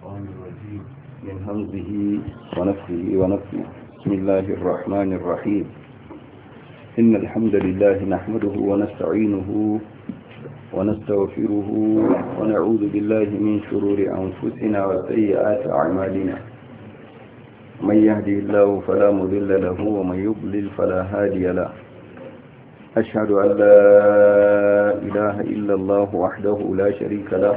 الشيطان الرجيم من همزه ونفسه ونفسه بسم الله الرحمن الرحيم إن الحمد لله نحمده ونستعينه ونستغفره ونعوذ بالله من شرور أنفسنا وسيئات أعمالنا من يهدي الله فلا مذل له ومن يضلل فلا هادي له أشهد أن لا إله إلا الله وحده لا شريك له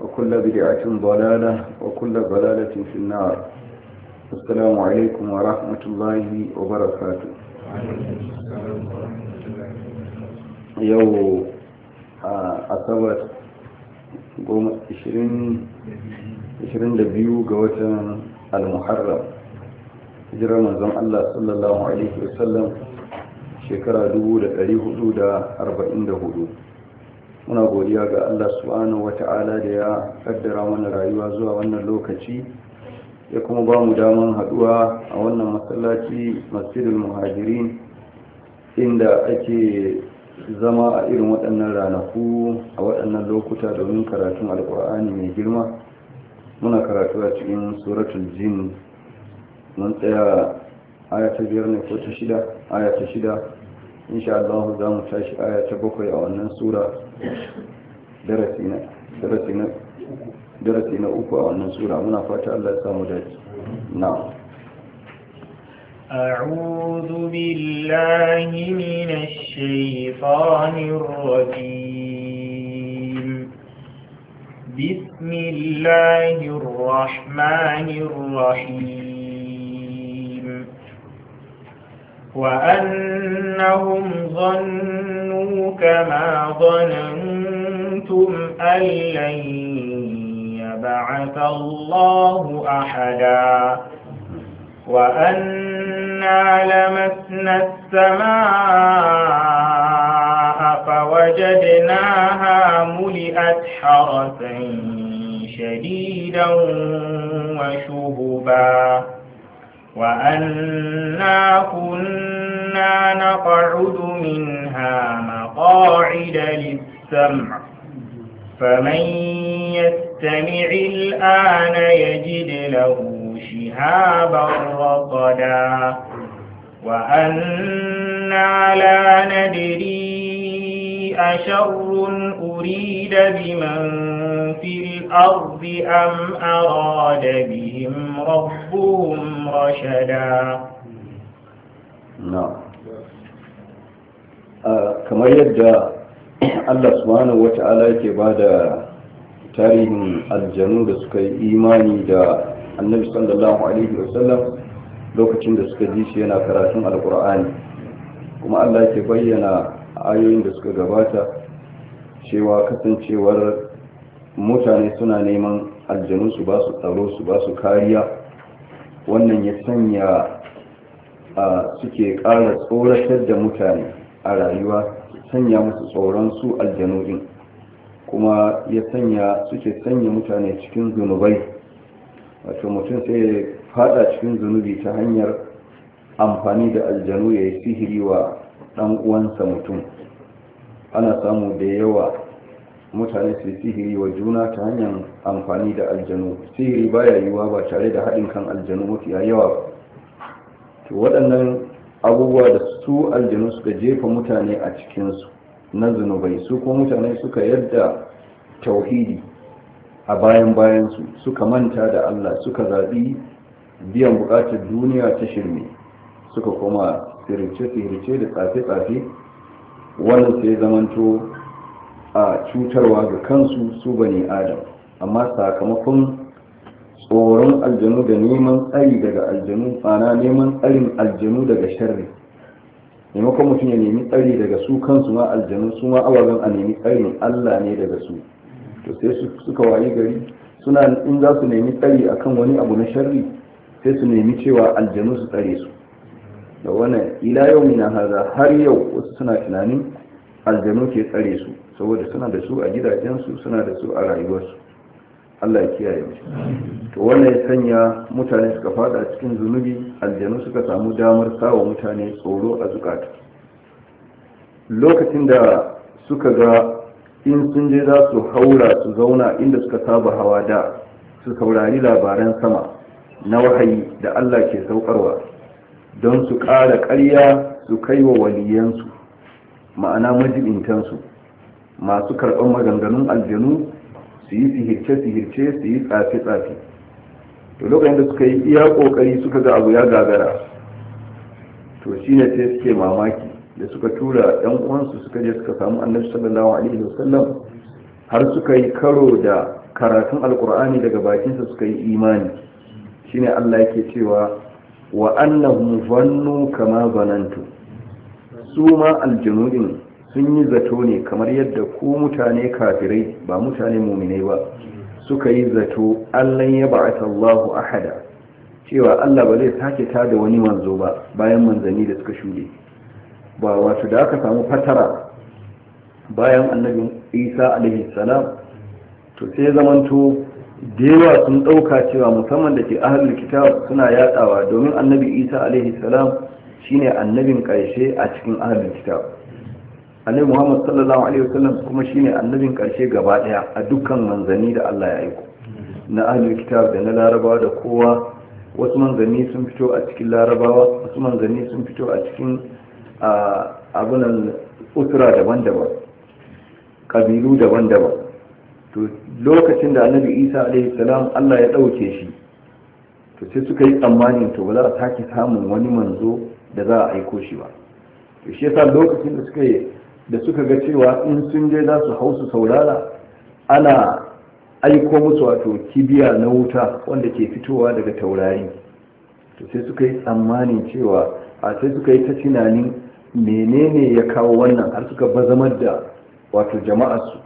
وكل بدعة ضلالة وكل ضلالة في النار السلام عليكم ورحمة الله وبركاته يو أصبت قوم 20 22 ga watan al-muharram hijirar manzon Allah sallallahu alaihi wasallam shekara hudu. muna godiya ga Allah subhanahu wata'ala da ya kaddara mana rayuwa zuwa wannan lokaci ya kuma ba mu daman haduwa a wannan masallaci masjidul muhajirin inda ake zama a irin waɗannan ranaku a waɗannan lokuta domin karatun alkur'ani mai girma muna karatu a cikin suratul jin mun tsaya aya ta biyar ne ko ta shida aya shida إن شاء الله دام تاش آية تبقي أو أن سورة درسنا درسنا درسنا أكو أو أن سورة منا الله سامدات نعم أعوذ بالله من الشيطان الرجيم بسم الله الرحمن الرحيم وأنهم ظنوا كما ظننتم أن لن يبعث الله أحدا وأنا لمسنا السماء فوجدناها ملئت حرسا شديدا وشهبا وأنا كنا نقعد منها مقاعد للسمع فمن يستمع الآن يجد له شهابا رقدا وأنا لا ندري أشر أريد بمن في الأرض أم أراد بهم ربهم رشدا نعم kamar yadda Allah subhanahu wata'ala yake ba da tarihin aljanu da suka yi imani da annabi sallallahu lokacin da suka ji shi yana karatun alkur'ani kuma Allah yake bayyana ayoyin da suka gabata cewa kasancewar mutane suna neman aljanu su ba su tsaro su ba su kariya wannan ya sanya a suke kara tsoratar da mutane a rayuwa sanya musu tsoron su aljanu din kuma ya sanya suke sanya mutane cikin zunubai wato mutum sai ya fada cikin zunubi ta hanyar amfani da aljanu ya yi sihiri wa ɗan uwansa mutum ana samu da yawa mutane su sihiri wa juna ta hanyar amfani da aljanu sihiri baya yiwuwa ba tare da haɗin kan aljanu mafi yawa to waɗannan abubuwa da su aljanu suka jefa mutane a cikinsu na zunubai su kuma mutane suka yadda tauhidi a bayan bayansu suka manta da allah suka zaɓi biyan buƙatar duniya ta shirme suka koma firice-firice da tsafe-tsafe wannan sai zamanto a cutarwa ga kansu su bane adam amma sakamakon tsoron aljanu da neman tsari daga aljanu tsana neman tsarin aljanu daga sharri maimakon mutum ya nemi tsari daga su kansu ma aljanu su ma awazan a nemi tsarin allah ne daga su to sai suka wayi gari suna in za su nemi tsari akan wani abu na sharri sai su nemi cewa aljanu su tsare su da wannan ila yau mina haza har yau wasu suna tunanin aljanu ke tsare su saboda suna da su a gidajensu suna da su a rayuwarsu Allah ya kiyaye mu to wannan ya sanya mutane suka fada cikin zunubi aljanu suka samu damar sawa mutane tsoro a zukata lokacin da suka ga in sun je za su haura su zauna inda suka saba hawa da su saurari labaran sama na wahayi da Allah ke saukarwa don su ƙara ƙarya su kai wa waliyansu ma'ana majibintansu masu karɓar maganganun aljanu su yi sihirce-sihirce su yi tsafe-tsafe to lokacin da suka yi iya ƙoƙari suka ga abu ya gagara to shi ne sai suke mamaki da suka tura ɗan uwansu suka je suka samu annabi sallallahu alaihi wasallam har suka yi karo da karatun alkur'ani daga bakinsa suka yi imani shine Allah yake cewa wa annahum zannu kama zanantu su ma aljanudin sun yi zato ne kamar yadda ku mutane kafirai ba mutane muminai ba suka yi zato allan ya ba'ata Allahu ahada cewa Allah ba zai sake tada wani manzo ba bayan manzanni da suka shuɗe ba wato da aka samu fatara bayan annabin Isa alaihi salam to sai zamanto da yawa sun ɗauka cewa musamman da ke ahalin kitab suna yatsawa domin annabi isa alaihi salam shine annabin ƙarshe a cikin ahalin kitab annabi muhammad sallallahu alaihi wasallam kuma shine annabin ƙarshe gaba ɗaya a dukkan manzanni da allah ya aiko na ahalin kitab da na larabawa da kowa wasu manzanni sun fito a cikin larabawa wasu manzanni sun fito a cikin abunan usura daban-daban ƙabilu daban-daban to lokacin da annabi isa alaihi salam allah ya ɗauke shi to sai suka yi tsammanin to ba za a sake samun wani manzo da za a aiko shi ba to shi yasa lokacin da suka da suka ga cewa in sun je za su hau su saurara ana aiko musu wato kibiya na wuta wanda ke fitowa daga taurari to sai suka yi tsammanin cewa a sai suka yi ta tunanin menene ya kawo wannan har suka bazamar da wato jama'arsu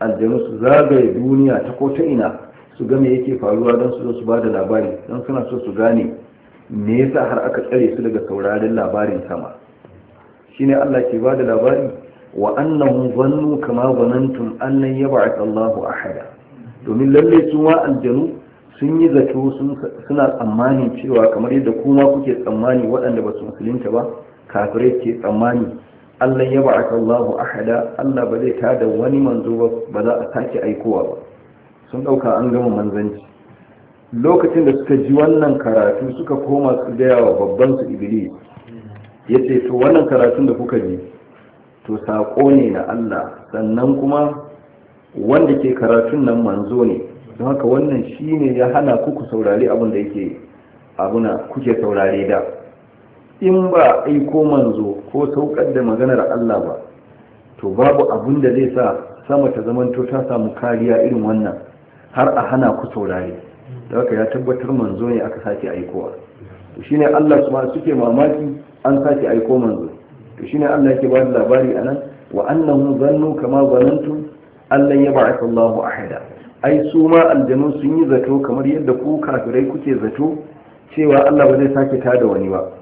aljanu su zagaye duniya ta ko ta ina su game me yake faruwa don su zo su bada labari don suna so su gane me yasa har aka tsare su daga sauraron labarin sama shine Allah ke bada labari wa annahu zannu kama zanantum an lan yab'ath Allahu ahada domin lalle su ma aljanu sun yi zato suna tsammanin cewa kamar yadda kuma kuke tsammani waɗanda ba su musulunta ba kafirai ke tsammani Allah ya ba'aka Allahu ahada Allah ba zai tada wani manzo ba za a sake aikowa ba sun dauka an gama manzanci lokacin da suka ji wannan karatu suka koma su gaya wa babban su Iblis yace to wannan karatun da kuka ji to saƙo ne na Allah sannan kuma wanda ke karatun nan manzo ne don haka wannan shine ya hana ku ku saurari abin da yake abuna kuke saurare da in ba aiko manzo ko saukar da maganar Allah ba to babu abun da zai sa sama ta zamanto ta samu kariya irin wannan har a hana ku saurare da haka ya tabbatar manzo ne aka sake aikowa to shine Allah kuma suke mamaki an sake aiko manzo to shine Allah yake ba da labari anan wa annahu zannu kama Allah allan yab'ath Allahu ahada ai su ma aljanu sun yi zato kamar yadda ku kafirai kuke zato cewa Allah ba zai sake tada wani ba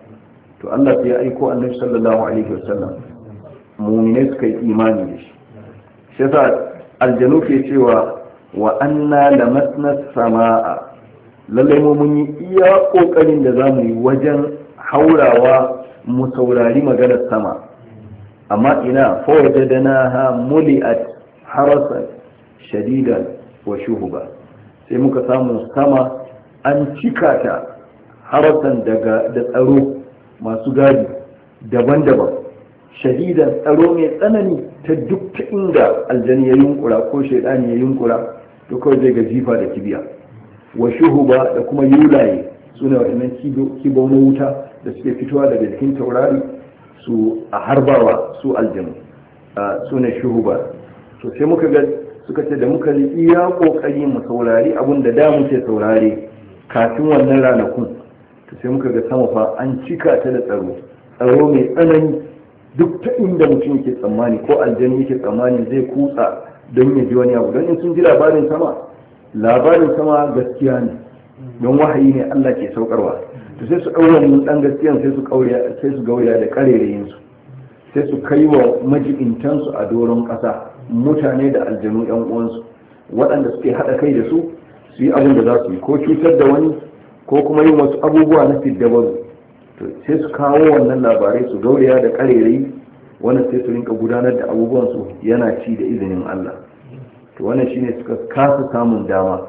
to Allah sai ya aiko annabi sallallahu alaihi wasallam mu'minai suka yi imani da shi shi aljanu ke cewa wa anna lamasna samaa lallai mu mun yi iya kokarin da zamu yi wajen haurawa mu saurari maganar sama amma ina da muli a harasan shadidan wa shuhuba sai muka samu sama an cika ta harasan daga da tsaro masu gadi daban-daban shahidan tsaro mai tsanani ta duk inda aljani ya yunkura ko shaidani ya yunkura to kawai zai ga jifa da kibiya wa shuhuba da kuma yulaye suna waɗannan kibo na wuta da suke fitowa daga jikin taurari su a harbawa su aljanu su ne shuhuba to sai muka ga suka ce da muka yi iya kokari mu saurari abin da da muke saurari kafin wannan ranakun sai muka ga sama fa an cika ta da tsaro tsaro mai tsanani duk ta inda mutum yake tsammani ko aljani yake tsammani zai kutsa don ya ji wani abu don in sun ji labarin sama labarin sama gaskiya ne don wahayi ne Allah ke saukarwa to sai su ɗaura mun ɗan gaskiyan sai su kauriya sai su gauriya da karerayin su sai su kai wa majibintan su a doron kasa mutane da aljanu yan uwansu waɗanda suke haɗa kai da su su yi abin da za su yi ko cutar da wani ko kuma yin wasu abubuwa na fiddabaru to sai su kawo wannan labarai su gauraya da karerai wannan sai su rinka gudanar da abubuwansu yana ci da izinin Allah to wannan shine suka kasa samun dama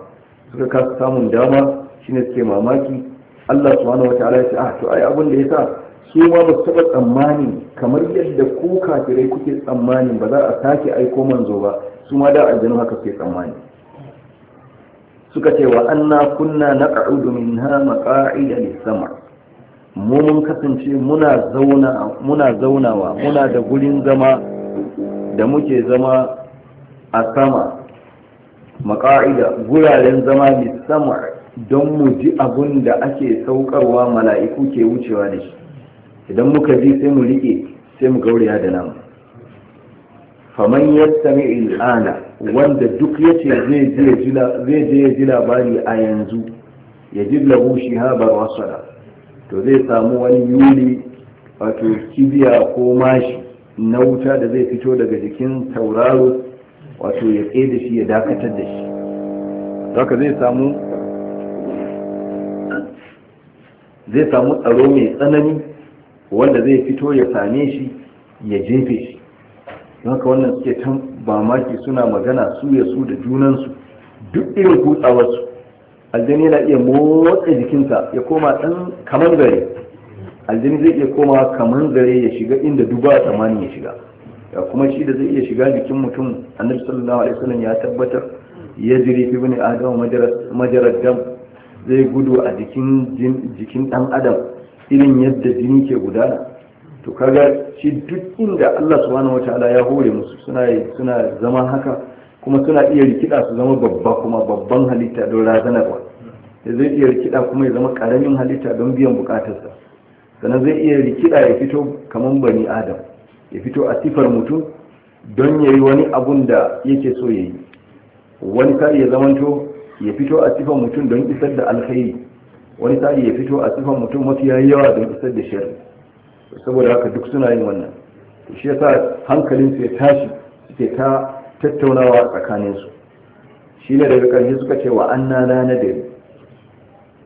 suka kasa samun dama shine suke mamaki Allah subhanahu wataala ya ce ah to ai abin da yasa su ma ba su taba tsammani kamar yadda ku kafirai kuke tsammani ba za a sake aiko manzo ba su ma da aljanu haka suke tsammani suka ce wa anna kunna naq'udu minha maqa'ida lis-sama mu mun kasance muna zaunawa muna da gurin zama da muke zama a sama maqa'ida guraren zama ne sama don mu ji abun da ake saukarwa mala'iku ke wucewa da shi idan muka ji sai mu rike sai mu gauraya da namu faman yattami al'ana wanda duk yace zai je zai ya ji labari a yanzu ya ji lahu bar wasala to zai samu wani yuli wato kibiya ko mashi na wuta da zai fito daga jikin tauraro wato ya tsaye da shi ya dakatar da shi haka zai samu zai samu tsaro mai tsanani wanda zai fito ya same shi ya jefe shi haka wannan suke tan mamaki suna magana su ya su da junansu duk irin kutsawarsu aljani yana iya motsa jikinsa ya koma ɗan kamar gare aljani zai iya koma kamar gare ya shiga inda duba a tsamanin ya shiga ya kuma shi da zai iya shiga jikin mutum annabi sallallahu alaihi wasallam ya tabbatar ya jiri fi bani adam majarar dam zai gudu a jikin jikin dan adam irin yadda jini ke gudana to kaga shi duk inda Allah subhanahu ta'ala ya hore musu suna suna zama haka kuma suna iya rikida su zama babba kuma babban halitta don razanarwa da zai iya rikida kuma ya zama karamin halitta don biyan bukatarsa sannan zai iya rikida ya fito kamar bani adam ya fito a sifar mutum don ya yi wani abun da yake so ya yi wani sa'i ya zamanto ya fito a sifar mutum don isar da alkhairi wani sa'i ya fito a sifar mutum mafi yawa don isar da shari'a saboda haka duk suna yin wannan shi yasa hankalin su ya tashi suke ta tattaunawa tsakanin su shine daga ƙarshe suka ce wa anna la nadari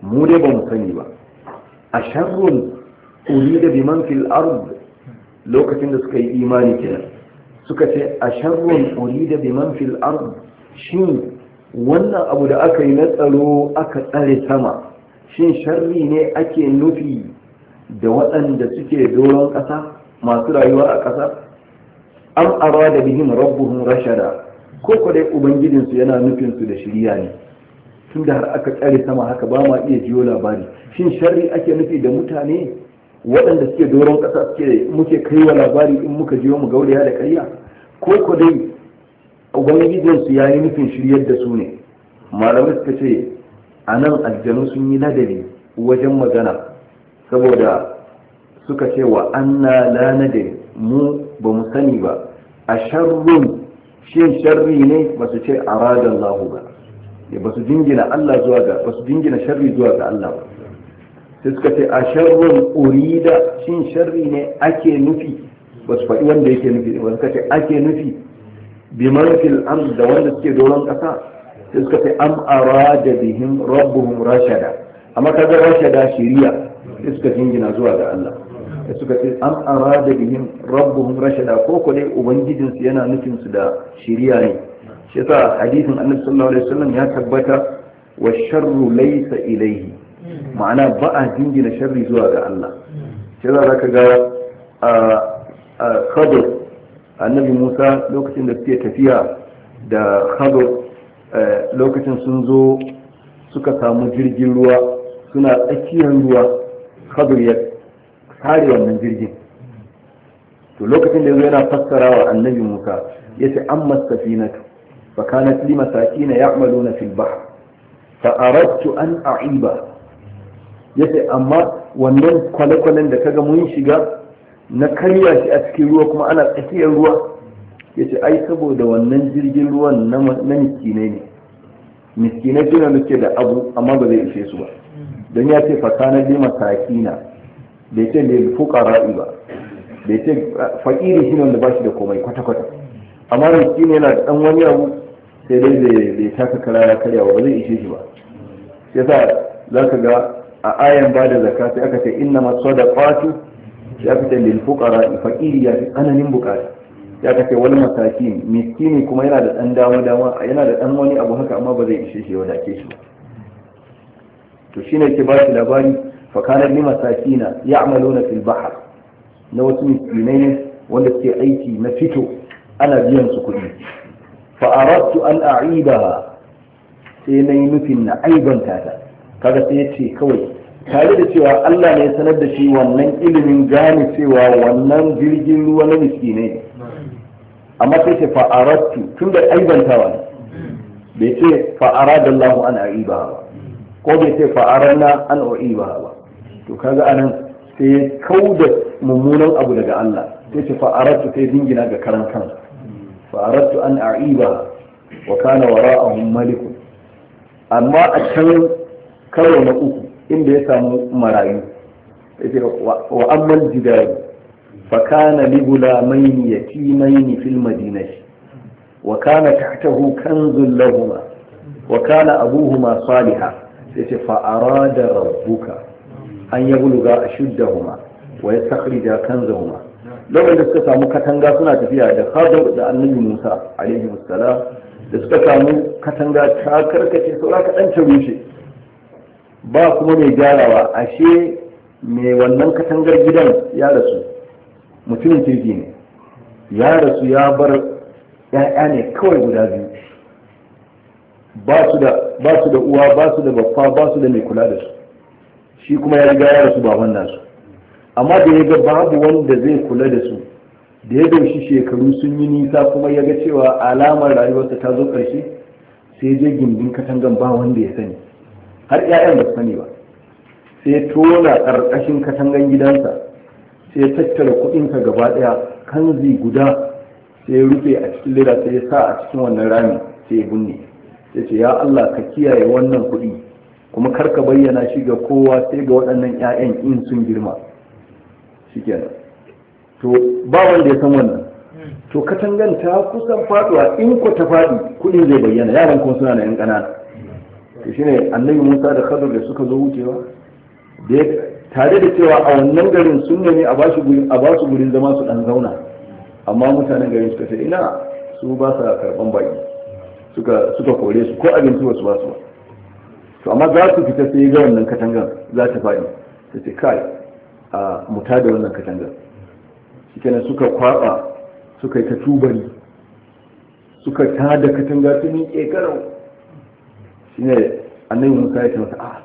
mu dai ba mu sani ba a sharrun da biman fil ard lokacin da suka yi imani kenan suka ce a sharrun urida biman fil ard shin wannan abu da aka yi na tsaro aka tsare sama shin sharri ne ake nufi da waɗanda suke doron ƙasa masu rayuwa a ƙasa an ara da bihim rabbuhum rashada ko kwadai ubangijinsu yana nufinsu da shirya ne tun da har aka tsare sama haka ba ma iya jiyo labari shin sharri ake nufi da mutane waɗanda suke doron ƙasa suke muke kaiwa labari in muka jiyo mu gauraya da karya? ko kwadai ubangijinsu ya yi nufin shiryar da su ne malamai suka ce a nan aljanu sun yi ladabi wajen magana saboda suka ce wa anna la nadir mu ba mu sani ba a sharrun shin sharri ne ba su ce aradan lahu ba ba su jingina Allah zuwa ga ba su jingina sharri zuwa ga Allah ba sai suka ce a sharrun urida shin sharri ne ake nufi ba su faɗi wanda yake nufi ba suka ce ake nufi biman fil ard da wanda suke doron ƙasa sai suka ce am arada bihim rabbuhum rashada amma kaga rashada shiriya iska jingina zuwa ga Allah da suka ce an arada bihim rabbuhum rashada ko ko ubangijinsu ubangijin yana nufin su da shiriya ne shi yasa hadisin annabi sallallahu alaihi wasallam ya tabbata wa sharru laysa ilayhi ma'ana ba a jingina sharri zuwa ga Allah shi za ka ga a khadir annabi Musa lokacin da suke tafiya da khadir eh, lokacin sun zo suka samu jirgin ruwa suna tsakiyar ruwa khadir ya kare wannan jirgin to lokacin da yazo yana fassara wa annabi Musa yace amma safinatu fa kanat li masakin ya'maluna fil bahr fa aradtu an a'iba yace amma wannan kwale-kwalen da kaga mun shiga na karya shi a cikin ruwa kuma ana tsakiyar ruwa Ya ce ai saboda wannan jirgin ruwan na miskinai ne miskinai suna da abu amma ba zai ishe su ba don ya ce fakana bi masakina bai ce fuka fuqara'i ba bai ce fakiri shine wanda bashi da komai kwata kwata amma ne yana da dan wani abu sai dai bai taka kara ya karya ba zai ishe shi ba sai sa za ka ga a ayan ba da zakka sai aka ce inna masadaqatu sai aka ce lil fuqara'i fakiri ya fi tsananin bukata ya kace wani masakin miskini kuma yana da dan dama dama yana da dan wani abu haka amma ba zai ishe shi ya wadace shi ba to shine ke ba shi labari Fakanar kana li masakina ya'maluna fil bahr na wasu miskinai ne wanda suke aiki na fito ana biyan su kuɗi fa aradtu an a'idaha sai nayi nufin na aibanta ta kaga sai ce kawai tare da cewa Allah ne ya sanar da shi wannan ilimin gane cewa wannan jirgin ruwa na miskinai amma sai ce fa'aratu tun da aibantawa ne bai ce fa'ara da Allah an aiba ba ko bai ce na an o'i ba to kaga anan sai ya kau da mummunan abu daga Allah sai ce fa'aratu sai dingina ga karan kansa fa'aratu an a'iba wa kana a malikun amma a can karo na uku inda ya samu marayu sai wa amman jidaru fa kana li gulamaini yatimaini fil madinati wa kana tahtahu kanzun lahuma wa kana abuhuma salihah sai ce fa'ara da rabuka an yi buluga a shudda huma wa ya sakri da kan zauma lokacin da suka samu katanga suna tafiya da hadar da annabi musa alaihi musala da suka samu katanga ta karkace saura kaɗan ta rushe ba kuma mai gyarawa ashe mai wannan katangar gidan ya rasu mutumin kirki ne ya rasu ya bar ya'ya ne kawai guda biyu ba su da uwa ba su da baffa ba su da mai kula da su shi kuma ya riga ya rasu baban nasu amma da ya ga babu wanda zai kula da su da ya daushi shekaru sun yi nisa kuma ya ga cewa alamar rayuwarsa ta zo ƙarshe sai je gindin katangan ba wanda ya sani har 'ya'yan ba su sani ba sai tona ƙarƙashin katangan gidansa sai tattara kuɗinsa gaba ɗaya kanzi guda sai rufe a cikin lira, sai ya sa a cikin wannan rami sai ya binne sai ce ya Allah ka kiyaye wannan kuɗi kuma kar ka bayyana shi ga kowa sai ga waɗannan 'ya'yan in sun girma shikenan to ba wanda ya san wannan to katangan ta kusan faɗuwa in ko ta faɗi kuɗin zai bayyana yaran kuma suna na 'yan ƙanana to shine annabi Musa da Khadir da suka zo wucewa da tare da cewa a wannan garin sun nemi a basu gurin gurin zama su ɗan zauna amma mutanen garin suka ce ina su ba sa karban baki suka kore su ko abinci wasu basu ba to amma za su fita sai ga wannan katangar za ta faɗi ta ce kai a muta da wannan katangar shikenan suka kwaba suka yi ta tubari suka ta da katanga sun yi a shine annabi musa ya ce masa a ah,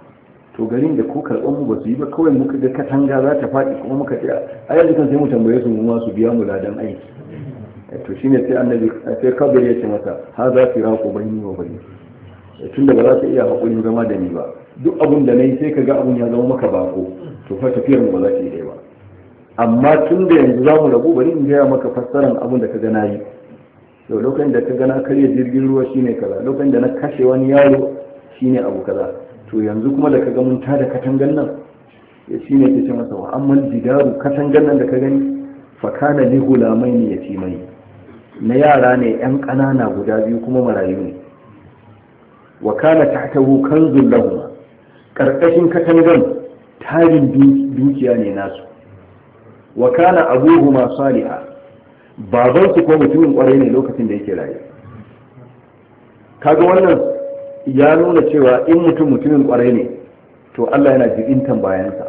to garin da ko karɓar mu ba su yi ba kawai muka ga katanga za ta faɗi kuma muka ce a yanzu kan sai mu tambaye su mu ma su biya mu ladan aiki to shi ne sai annabi sai kabir ya ce mata ha za ki rako ni wa eh, tun da ba za su iya haƙurin zama da ni ba duk abun da yi sai ka ga abun ya zama maka bako to fa tafiyar mu ba za ki yi ba amma tun da yanzu za mu rabu bari in gaya maka fassaran abun da ka ga nayi to lokacin da ka ga na karya jirgin ruwa shine kaza lokacin da na kashe wani yaro shine abu kaza to yanzu kuma da ka ga mun tada katangan nan ya eh, shine ke ce masa wa amma jidaru katangan nan da ka gani fa kana li gulamai ne yatimai na yara ne yan ƙanana guda biyu kuma marayu ne Wakana kana tahtahu kanzul lahum karkashin katangan tarin dukiya ne nasu Wakana kana abuhuma saliha baban su ko mutumin kwarai ne lokacin da yake raye kaga wannan ya nuna cewa in mutum mutumin kwarai ne to Allah yana jibintan bayansa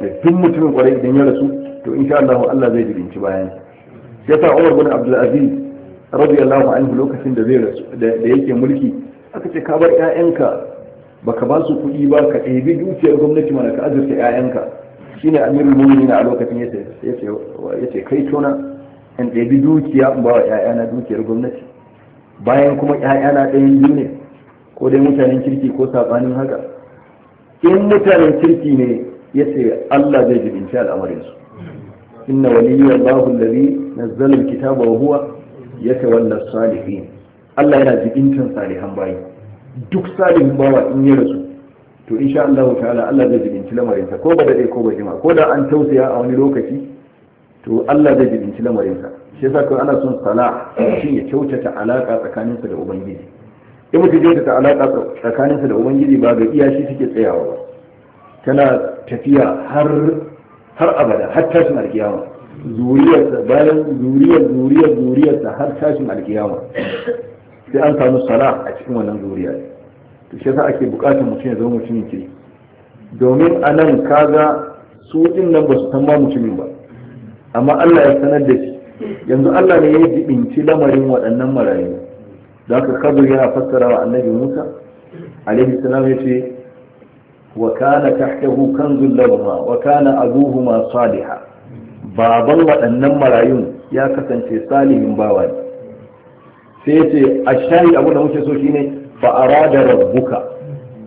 duk mutumin kwarai idan ya rasu to insha Allah Allah zai jibinci bayansa yasa Umar bin Abdul Aziz radiyallahu anhu lokacin da zai rasu da yake mulki aka ce ka bar ƴaƴanka baka ba su kuɗi ba ka ɗebi dukiyar gwamnati mana ka azurta ƴaƴanka shine Amirul Mu'minin a lokacin yace yace yace kai tona in ɗebi dukiya in ba wa ƴaƴana dukiyar gwamnati bayan kuma ƴaƴana ɗayan biyu ne ko dai mutanen kirki ko saɓanin haka in mutanen kirki ne yace Allah zai jibinci al'amarinsu inna waliyya Allahu allazi nazzala alkitaba wa huwa yatawalla salihin Allah yana jibintan salihan bayi duk salihin bawa in ya rasu to insha Allah ta'ala Allah zai jibinci lamarin ko ba dade ko ba jima ko da an tausaya a wani lokaci to Allah zai jibinci lamarin sa shi yasa kai ana son sala shin ya kyautata alaka tsakaninsa da ubangiji in mutum kyautata alaka tsakaninsa da ubangiji ba ga iyashi suke tsayawa ba tana tafiya har har abada har tashin alkiyama zuriyarsa bayan zuriyar zuriyar zuriyarsa har tashin alkiyama sai an samu sana a cikin wannan zuriya to shi yasa ake bukatar mutum ya zama mutumin ke. domin a nan kaga su din nan ba su san ma mutumin ba amma Allah ya sanar da shi yanzu Allah ne ya yi jibinci lamarin waɗannan marayu da aka kabir yana fassara wa annabi Musa alaihi salam ya ce وكان تحته كنز لهما وكان أبوهما صالحا baban waɗannan marayun ya kasance salihin bawa ne sai ce a abu da muke so shine fa'ara da rabbuka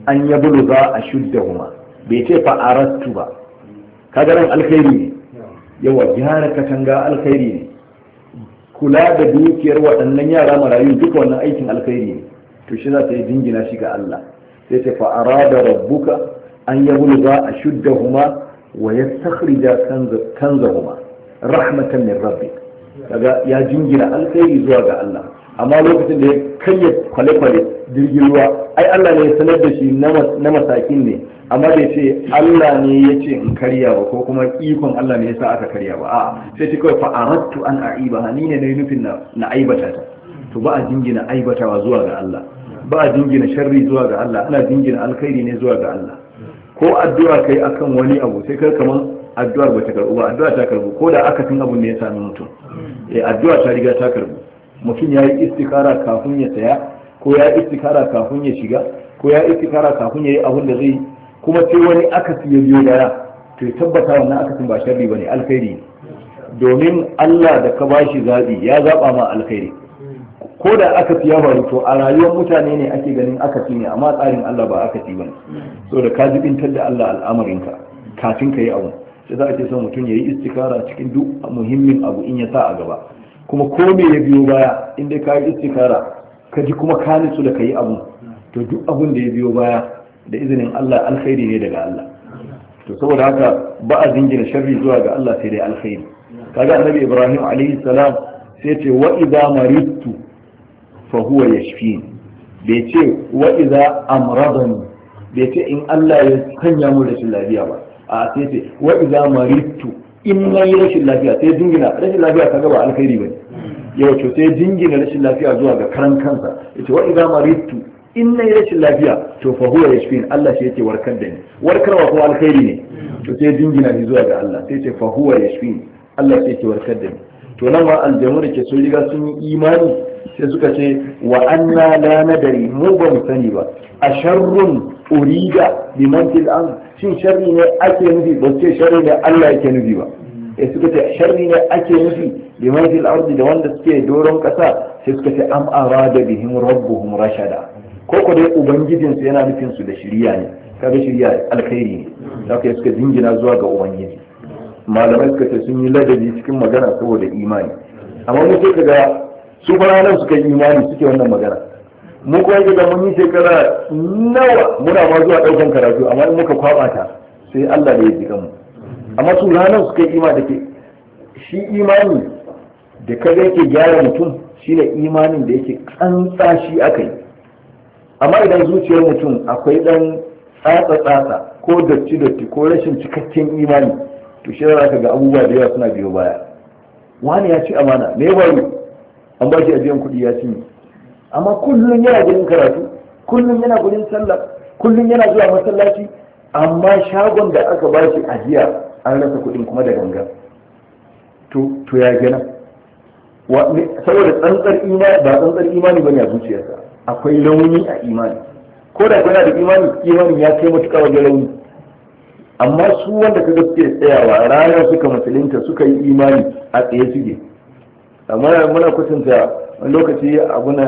an ya bulu za a shudda huma bai ce fa'arattu ba kaga nan alkhairi yawa gyara katanga alkhairi ne kula da dukiyar waɗannan yara marayun duka wannan aikin alkhairi ne to shi za ta yi jingina shi ga Allah sai ce fa'ara da rabbuka an a shudda huma wa ya yastakhrija kanzahuma rahmatan min rabbik kaga ya jingira alkhairi zuwa ga Allah amma lokacin da ya kayya kwale-kwale jirgin ruwa ai Allah ne ya sanar da shi na masakin ne amma bai ce Allah ne ya ce in karya ba ko kuma ikon Allah ne ya sa aka karya ba a'a sai ce kawai fa'arattu an a'iba ni ne nayi nufin na aibata ta to ba a jingina aibatawa zuwa ga Allah ba a jingina sharri zuwa ga Allah ana jingina alkhairi ne zuwa ga Allah ko addu'a kai akan wani abu sai kar kaman addu'ar ba ta karbu ba addu'a ta karbu ko da aka tun abun ne ya sami mutum eh addu'a ta riga ta karbu mutum ya yi istikara kafin ya saya ko ya yi istikara kafin ya shiga ko ya yi istikara kafin ya yi abun da zai kuma sai wani akasi ya biyo dara to ya tabbata wannan aka akasin ba sharri bane alkhairi domin Allah da ka bashi zabi ya zaba ma alkhairi ko da aka fiya faru to a rayuwar mutane ne ake ganin aka fi ne amma tsarin Allah ba aka fi bane so da ka jibintar da Allah al'amarinka kafin ka yi abu sai za a ce son mutum ya yi istikara cikin duk muhimmin abu in ya sa a gaba kuma ko me ya biyo baya in dai ka yi istikara ka ji kuma ka nitsu da ka yi abu to duk abun da ya biyo baya da izinin Allah alkhairi ne daga Allah to saboda haka ba a jingina sharri zuwa ga Allah sai dai alkhairi kaga annabi Ibrahim alaihi salam sai ce wa idza maridtu fa huwa yashfi bai ce wa idza amradani bai ce in Allah ya sanya mu rashin lafiya ba a sai ce wa idza maritu in na yi rashin lafiya sai dingina rashin lafiya ta gaba alkhairi bane yau to sai dingina rashin lafiya zuwa ga karan kansa yace wa idza maritu in na yi rashin lafiya to fa huwa yashfin Allah shi yake warkar da ni warkarwa ko alkhairi ne to sai dingina shi zuwa ga Allah sai ce fa huwa yashfin Allah shi yake warkar da ni to nan ma da ke sun riga sun yi imani sai suka ce wa anna la nadari mu ba mu sani ba a sharrun urida bi man an shin sharri ne ake nufi ba ce sharri ne Allah yake nufi ba sai eh, suka ce sharri ne ake nufi bi man ardi da wanda suke doron kasa sai suka ce am arada bihim rabbuhum rashada ko ko dai ubangijin su yana nufin su da shiriya ne kaga shiriya alkhairi ne haka suka jingina zuwa ga ubangiji malamai suka ce sun yi ladabi cikin magana saboda imani amma mu sai kaga su ranar suka yi imani suke wannan magana mu kuma yake da mun yi shekara nawa muna ma zuwa ɗaukan karatu amma in muka kwaba ta sai Allah ne ya jiga mu amma su ranar suka yi imani da ke shi imani da kaga yake gyara mutum shine imanin da yake tsantsa shi akai amma idan zuciyar mutum akwai dan tsatsa tsatsa ko datti datti ko rashin cikakken imani to shi za ka ga abubuwa da yawa suna biyo baya wani ya ci amana me ya an ba shi ajiyan kuɗi ya cinye amma kullum yana gurin karatu kullum yana gudun sallah kullum yana zuwa masallaci amma shagon da aka ba shi ajiya an rasa kuɗin kuma da ganga to ya gina saboda tsantsar imani ba tsantsar imani bane a zuciyarsa akwai launi a imani ko da kana da imani imani ya kai matuƙa wajen launi amma su wanda kaga suke tsayawa ranar suka musulunta suka yi imani a tsaye suke amma muna kutunta lokaci abuna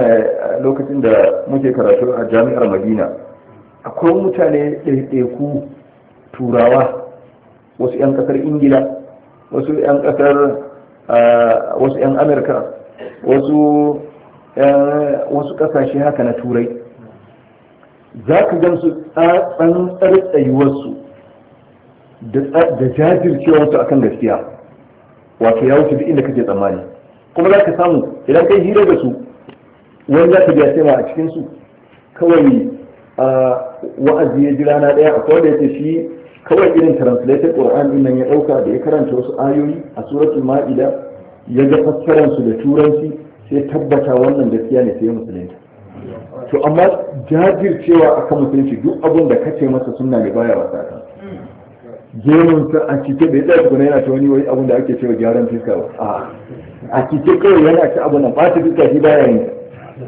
lokacin da muke karatu a jami'ar madina akwai mutane ɗaiɗaiku turawa wasu 'yan ƙasar ingila wasu 'yan ƙasar wasu 'yan amurka wasu ƙasashe haka na turai za ka gan su tsantsan tsayuwarsu da jajircewarsu akan gaskiya wato ya wuce duk inda kake tsammani kuma za ka samu idan kai hira da su wani za ka biya sai ma a cikin su kawai wa'azi ya ji rana daya akwai wanda yace shi kawai irin translated Qur'an din nan ya dauka da ya karanta wasu ayoyi a suratul Ma'ida ya ga fassaran su da turanci sai tabbata wannan gaskiya ne sai musulunci to amma jajircewa akan musulunci duk abun da kace masa sunna ne baya wasa ka? gemun sa a cike da ya tsaya tukuna yana ta wani wai abun da ake cewa gyaran fiska ba a kike kawai yana ta abu nan ɓata duka shi baya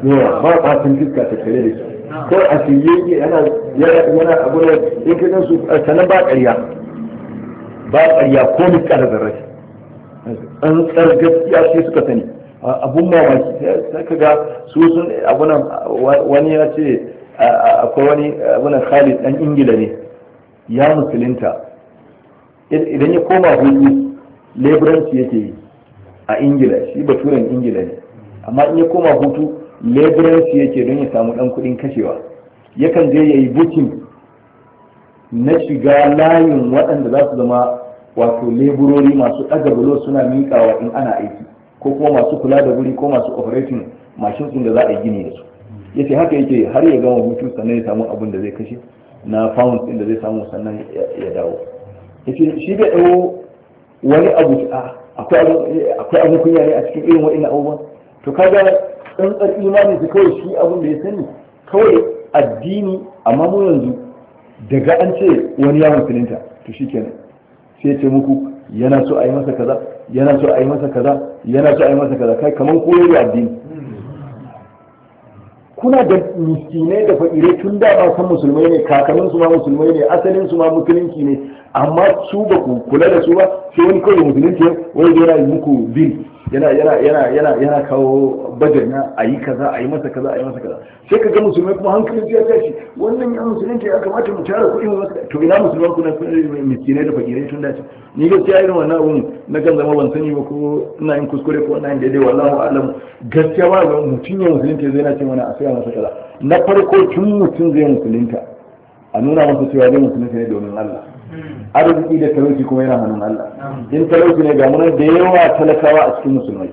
ne yawa ba ɓatan duka ta kare da shi ko a shi yake yana yana abu da yake nan su sanan ba ƙarya ba ƙarya ko mu ƙara da rashi an tsar gaskiya sai suka sani abun ma ba sai kaga ga su sun abu nan wani ya ce akwai wani abu nan Khalid dan Ingila ne ya musulunta idan ya koma hutu leburanci yake yi a ingila shi baturen ingila ne amma in ya koma hutu laboransu yake don ya samu dan kudin kashewa yakan je ya yi bukin na shiga layin waɗanda za su zama wato leburori masu ɗaga bulo suna miƙawa in ana aiki ko kuma masu kula da wuri ko masu operating mashin ɗin da za a gini da su ce haka yake har ya gama hutu sannan ya samu abin da zai kashe na pounds ɗin da zai samu sannan ya dawo ce shi bai dawo wani abu a Eh, akwai abin kunya ne a cikin irin wa'in abubuwa to kaga tsantsar imani su kawai shi abin da ya sani kawai addini amma mu yanzu daga an ce wani ya filinta to shi kenan sai ce muku yana so a yi masa kaza yana so a yi masa kaza yana so a yi masa kaza kai kamar koyo da addini kuna da miskinai da fakirai tun da ba san musulmai ne kakannin su ma musulmai ne asalin su ma musulunci ne amma su ba ku kula da su ba sai wani kawai musulunci wai yana yi muku bin yana kawo badar a yi kaza a yi masa kaza a yi masa kaza sai ka ga musulmai kuma hankalin ya tashi wannan yan ke ya kamata mu tara kuɗi mu masa to ina musulmi kuna miskinai da fakire tun dace ni gaskiya irin wannan abun na kan zama ban sani ba ko ina yin kuskure ko ina yin daidai wallahu a'lam gaskiya ba ga mutum ya musulunci zai na ce mana a saya masa kaza na farko tun mutum zai musulunta a nuna masa cewa zai musulmi ne domin Allah arziki da talauci kuma yana hannun Allah in talauci ne ga munan da yawa talakawa a cikin musulmai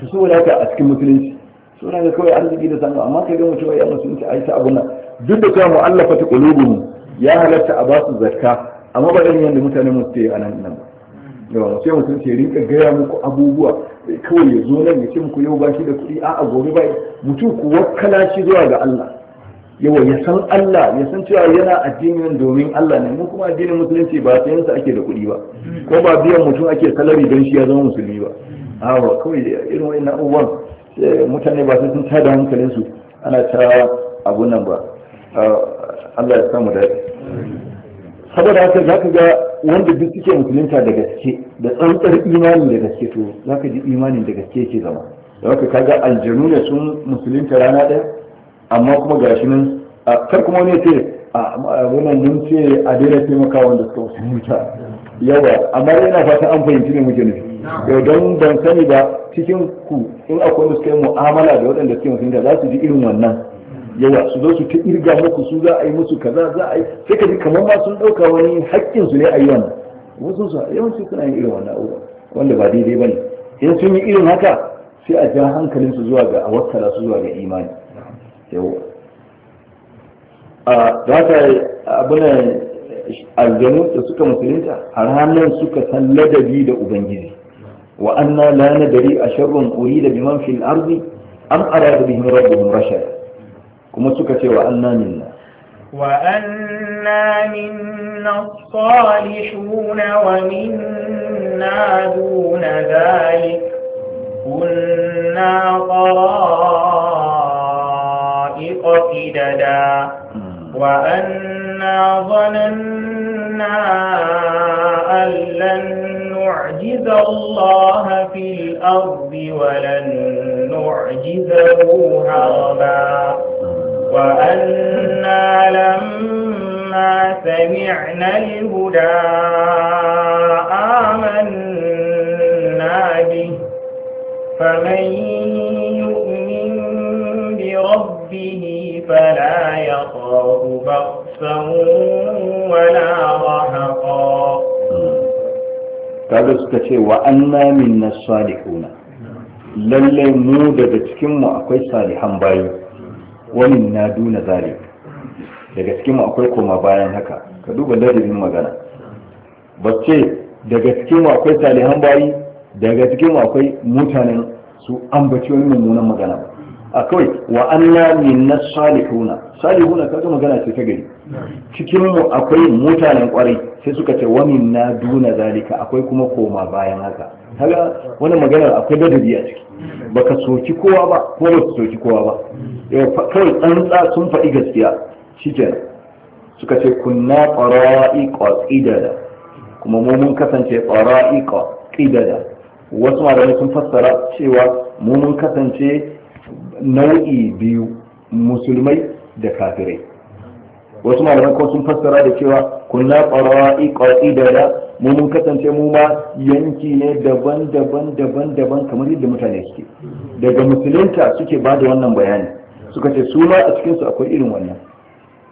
to su a cikin musulunci suna ga kawai arziki da samu amma kai ga mutum ya musulunci a yi ta abun nan duk da cewa mu'allafa ta qulubuhum ya halatta a basu zakka amma ba irin yanda mutane mu ce anan nan ba yawa sai mutum ce rinka gaya muku abubuwa kawai ya zo nan ya ce muku yau ba shi da kuɗi a'a gobe bai. mutum ku wakkala shi zuwa ga Allah yawa ya san Allah ya san cewa yana addinin domin Allah ne mu kuma addinin musulunci ba sai yansa ake da kuɗi ba ko ba biyan mutum ake salari don shi ya zama musulmi ba awa kawai irin wani na'uwan eh, mutane ba sai sun tada hankalin su ana ta abun nan ba ah, Allah ya samu da saboda haka za ka ga wanda duk suke musulunta da gaske da tsantsar imani da gaske to za ka ji imanin da gaske ke zama da haka ga aljanu ne sun musulunta rana ɗaya amma kuma ga shi nan kar kuma ne ce wannan nan ce a daina taimaka wanda suka wasu mutu yawa amma yana fata an fahimci ne muke nufi yau don ban sani ba cikin ku in akwai wanda suka yi mu'amala da waɗanda suke yi, za su ji irin wannan yawa su zo su ta irga muku su za a yi musu kaza za a yi sai ka ji kamar ma sun ɗauka wani haƙƙin su ne a yi wannan wasu su yawanci suna yin irin wannan abubuwa wanda ba daidai ba ne in sun yi irin haka sai a ja hankalin su zuwa ga a wassala su zuwa ga imani yawa a da haka abinan aljanu da suka musulunta a ranar suka san ladabi da ubangiji wa anna la nadari a sharrun uri da biman fil arzi an arada bihim rabbuhum rashad kuma suka ce wa anna minna wa anna minna salihuna wa minna duna dhalik kunna qaraa الرقيق قددا وأنا ظننا أن لن نعجز الله في الأرض ولن نعجزه هربا وأنا لما سمعنا الهدى آمنا به فمن يؤمن لربه فلا يخاف بخسا ولا رهقا kaga suka ce wa anna minna salihuna lalle mu daga cikin mu akwai salihan bayi wani na duna zalik daga cikin mu akwai koma bayan haka ka duba ladabin magana ba ce daga cikin mu akwai salihan bayi daga cikin mu akwai mutanen su ambaci wani mummunan magana ba a kawai wa anna minna salihuna salihuna ga magana ce ta gari cikin mu akwai mutanen kwarai sai suka ce wa minna duna zalika akwai kuma koma bayan haka kaga wannan magana akwai ladabi a ciki baka soki kowa ba ko ba su soki kowa ba eh, kawai tsantsa sun faɗi gaskiya shikenan suka ce kunna qara'i qidada kuma mu mun kasance qara'i qidada wasu malamai sun fassara cewa mu mun kasance nau'i biyu musulmai da kafirai wasu malaman ko sun fassara da cewa kunna qara'i da mu mun kasance mu ma yanki ne daban-daban daban-daban kamar yadda mutane suke daga musulunta suke ba da wannan bayani suka ce su ma a cikin su akwai irin wannan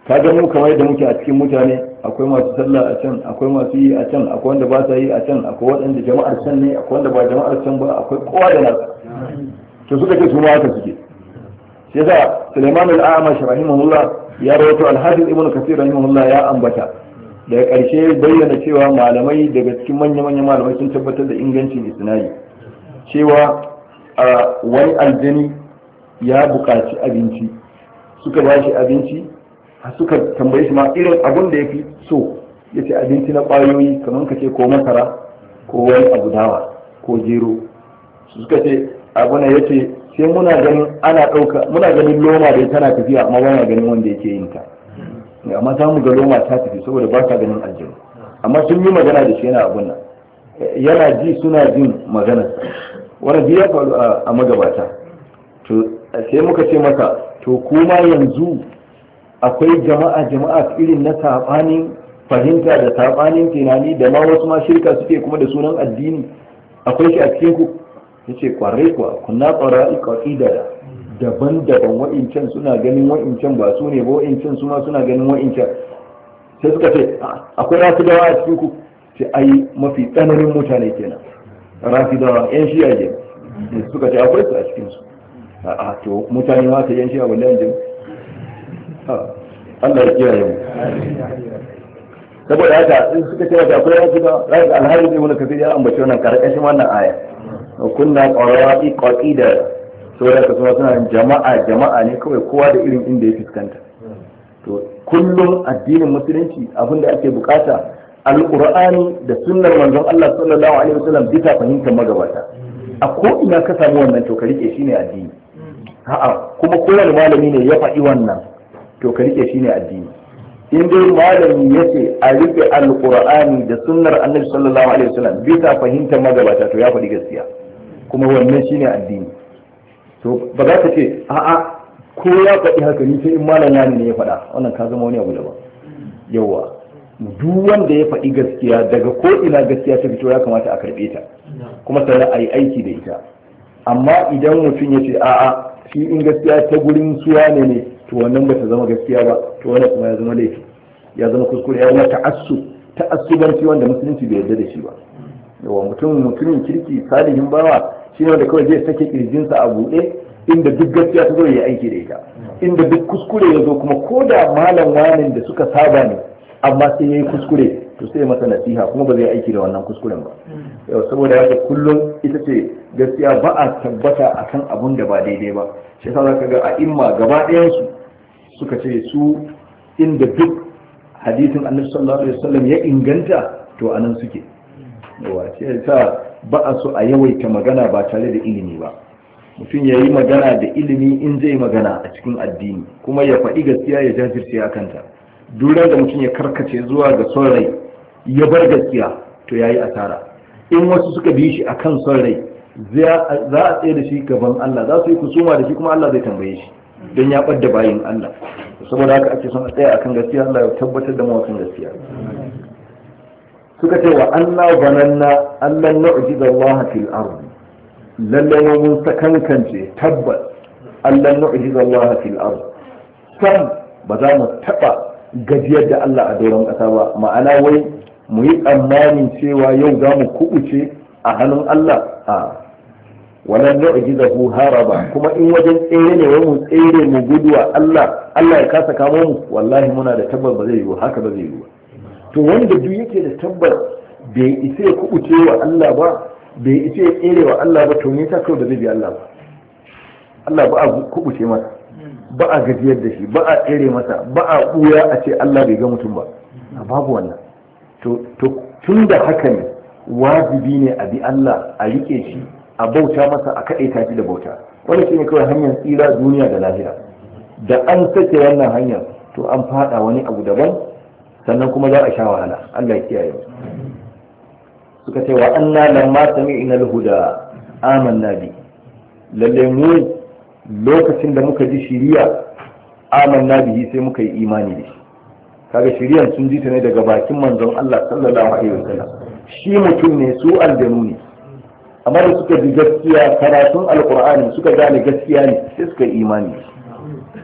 ka ga mu kamar yadda muke a cikin mutane akwai masu sallah a can akwai masu yi a can akwai wanda ba sa yi a can akwai waɗanda jama'ar can ne akwai wanda ba jama'ar can ba akwai kowa da nasa to suka ce su ma haka suke shi yasa Sulaiman al-A'mash rahimahullah ya rawaito al-Hadith Ibn Kathir rahimahullah ya ambata daga ƙarshe bayyana cewa malamai daga cikin manya-manyan malamai sun tabbatar da ingancin isnadi cewa a wani aljani ya buƙaci abinci suka ba shi abinci suka tambaye shi ma irin abin da ya so ya ce abinci na ƙwayoyi kamar ka ce ko masara ko wani abu dawa ko jero suka ce abu na ya ce sai muna ganin ana ɗauka muna ganin loma dai tana tafiya amma ba ganin wanda yake yin ta amma za mu ga loma ta tafi saboda ba sa ganin aljanu amma sun yi magana da shi yana abun nan yana ji suna jin magana. Wani biya ya faru a magabata to sai muka ce maka, to kuma yanzu akwai jama'a jama'a irin na sabanin fahimta da sabanin tunani da ma wasu ma shirka suke kuma da sunan addini akwai shi a cikin ku yace kwarai kuwa kunna tsara ida daban-daban wa'incan suna ganin wa'incan ba su ne ba wa'incan su ma suna ganin wa'incan sai suka ce akwai rafidawa a cikin ku ce ai mafi tsananin mutane kenan rafidawa yan shiya ke suka ce akwai su a cikin su a to mutane ma ta yan shiya wallahi jin Allah ya kiyaye mu saboda haka in suka ce akwai rafidawa rafidawa alhali ne wani kafin ya ambaci wannan karkashin wannan aya kunna qara'i da saboda ka suna suna jama'a jama'a ne kawai kowa da irin inda ya fuskanta to kullum addinin musulunci da ake bukata alƙur'ani da sunnar manzon Allah sallallahu alaihi wasallam bisa fahimtar magabata a ko ina ka samu wannan to ka rike shine addini a'a kuma kowane malami ne ya faɗi wannan to ka rike shine addini in dai malami ya ce a rike alƙur'ani da sunnar annabi sallallahu alaihi wasallam bisa fahimtar magabata to ya faɗi gaskiya kuma wannan shine addini to ba za ka ce a'a ko ya faɗi haka ni sai in malam ne ya faɗa wannan ka zama wani abu daban yawa duk wanda ya faɗi gaskiya daga ko ina gaskiya ta fito ya kamata a karɓe ta kuma sannan a yi aiki da ita amma idan mutum ya ce a'a shi in gaskiya ta gurin suwa ne ne to wannan ba ta zama gaskiya ba to wannan kuma ya zama laifi ya zama kuskure ya zama ta'assu ta'assubanci wanda musulunci bai yarda da shi ba yawa mutum mutumin kirki salihin bawa shi ne wanda kawai zai sake kirjinsa a buɗe inda duk gaskiya ta zo ya aiki da ita inda duk kuskure ya zo kuma ko da malam wanin da suka saba ne amma sai ya yi kuskure to sai masa nasiha kuma ba zai aiki da wannan kuskuren ba yau saboda haka kullum ita ce gaskiya ba a tabbata akan abun da ba daidai ba shi yasa zaka ga a imma gaba ɗayansu suka ce su inda duk hadisin annabi sallallahu alaihi wasallam ya inganta to anan suke yawa shi yasa ba a so a yawaita magana ba tare da ilimi ba mutum ya yi magana da ilimi in zai magana a cikin addini kuma ya faɗi gaskiya ya jajirce a kanta dura da mutum ya karkace zuwa ga son rai ya bar gaskiya to ya yi asara in wasu suka bi shi akan son rai za a tsaye da shi gaban Allah za su yi kusuma da shi kuma Allah zai tambaye shi don ya ɓadda bayin Allah saboda haka ake son a tsaya akan gaskiya Allah ya tabbatar da mawakan gaskiya suka ce wa anna zananna allan nu'jiza Allah fil ard lalle ne mun sakankance tabbas allan nu'jiza Allah fil ard sam ba za mu taba gajiyar da Allah a doron kasa ba ma'ana wai mu yi tsammanin cewa yau za mu kubuce a hannun Allah a walan hu haraba kuma in wajen tsere ne wai mu tsere mu gudu Allah Allah ya kasa kamo mu wallahi muna da tabbas ba zai yiwu haka ba zai yiwu to wanda duk yake da tabbas bai isa ya kubuce wa Allah ba bai isa ya tsere wa Allah ba to ne ta kawai da zai bi Allah ba Allah ba a kubuce masa ba a gajiyar da shi ba a tsere masa ba a buya a ce Allah bai ga mutum ba babu wannan to tun da haka ne wajibi ne a bi Allah a rike shi a bauta masa a kaɗaita shi da bauta wani shine kawai hanyar tsira duniya da lahira da an sake wannan hanyar to an fada wani abu daban sannan kuma za a sha wahala Allah ya kiyaye mu suka ce wa anna lamma sami'na al-huda amanna bi lalle mu lokacin da muka ji shiriya amanna bihi sai muka yi imani da shi kaga shiriyan sun ji ta ne daga bakin manzon Allah sallallahu alaihi wasallam shi mutum ne su aljanu ne amma da suka ji gaskiya karatun alqur'ani suka gane gaskiya ne sai suka yi imani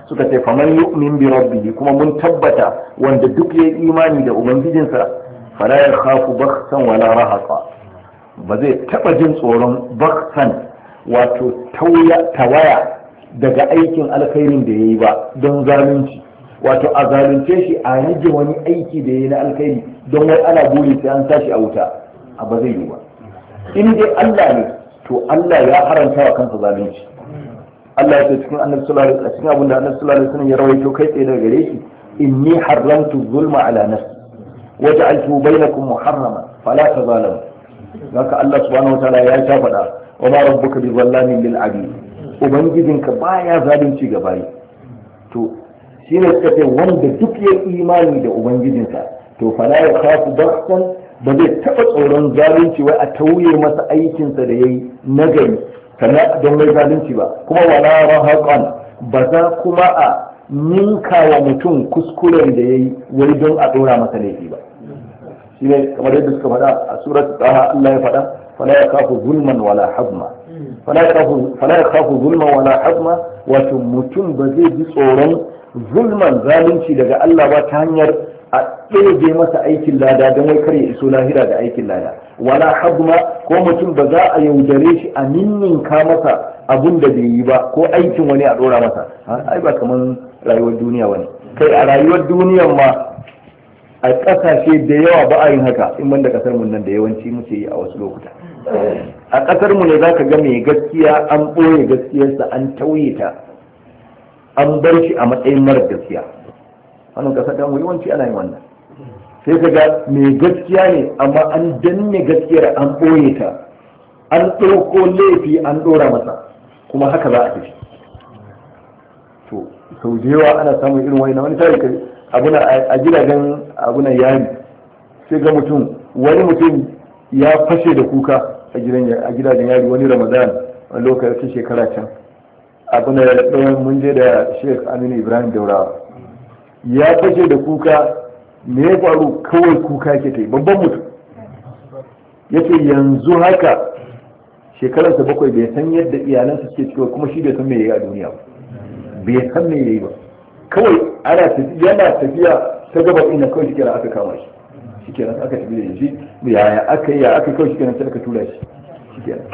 suka ce faman yu'min bi rabbihi kuma mun tabbata wanda duk yayi imani da ubangijinsa fala yakhafu bakhsan wala rahaqa ba zai taba jin tsoron bakhsan wato tawaya daga aikin alkhairin da yayi ba don zalunci wato a zalunce shi a rage wani aiki da yayi na alkhairi don wai ana buri sai an tashi a wuta a ba zai yi ba in dai Allah ne to Allah ya haranta wa kansa zalunci Allah ya ce cikin annabi sallallahu alaihi wasallam cikin abin da annabi sallallahu alaihi wasallam ya rawaito kai tsaye daga gare shi inni haramtu zulma ala nafsi waja'altu bainakum muharrama fala tazalamu haka Allah subhanahu wataala ya sha faɗa wa ma rabbuka bi zallamin lil abid ubangijinka baya zalunci ga bayi to shine suka ce wanda duk ya imani da ubangijinsa to fala ya khafu bahsan ba zai taɓa tsoron zalunci wai a tauye masa aikinsa da ya yayi nagari kana don mai zalunci ba kuma wala rahaqan ba za kuma a ninka wa mutum kuskuren da yayi wai don a dora masa laifi ba shi ne kamar yadda suka faɗa a surat taha Allah ya faɗa fala yakhafu zulman wala hazma fala yakhafu zulman wala hazma wato mutum ba zai ji tsoron zulman zalunci daga Allah ba ta hanyar a ɗaya masa aikin lada don wai kar ya iso lahira da aikin lada wala hazma ko mutum ba za a yaudare shi a ninninka masa abun da bai yi ba ko aikin wani a ɗora masa ai ba kaman rayuwar duniya wani kai a rayuwar duniyan ma a ƙasashe da yawa ba a yin haka in banda ƙasar mu nan da yawanci muke yi a wasu lokuta a ƙasar mu ne zaka ga mai gaskiya an ɓoye gaskiyarsa an tauye ta an bar shi a matsayin mara gaskiya wannan kasar ta mu yawanci ana yin wannan sai ka ga mai gaskiya ne amma an danne gaskiyar an ɓoye ta an ɗauko laifi an ɗora masa kuma haka za a tafi to sau da yawa ana samun irin wani na wani kai abuna a gidajen abuna yari sai ga mutum wani mutum ya fashe da kuka a gidajen yari wani ramadan a lokacin shekara can abuna ɗayan mun je da shek aminu ibrahim daurawa ya fashe da kuka me ya faru kawai kuka ke ta yi babban mutum ya ce yanzu haka shekararsa bakwai bai san yadda iyalansa suke cikin kuma shi bai san me ya yi a duniya ba bai san me ya yi ba kawai ana yana tafiya ta gaba ina kawai shi aka kama shi shi kenan aka tafi da shi yaya aka yi aka kawai shi kenan sai aka tura shi shi kenan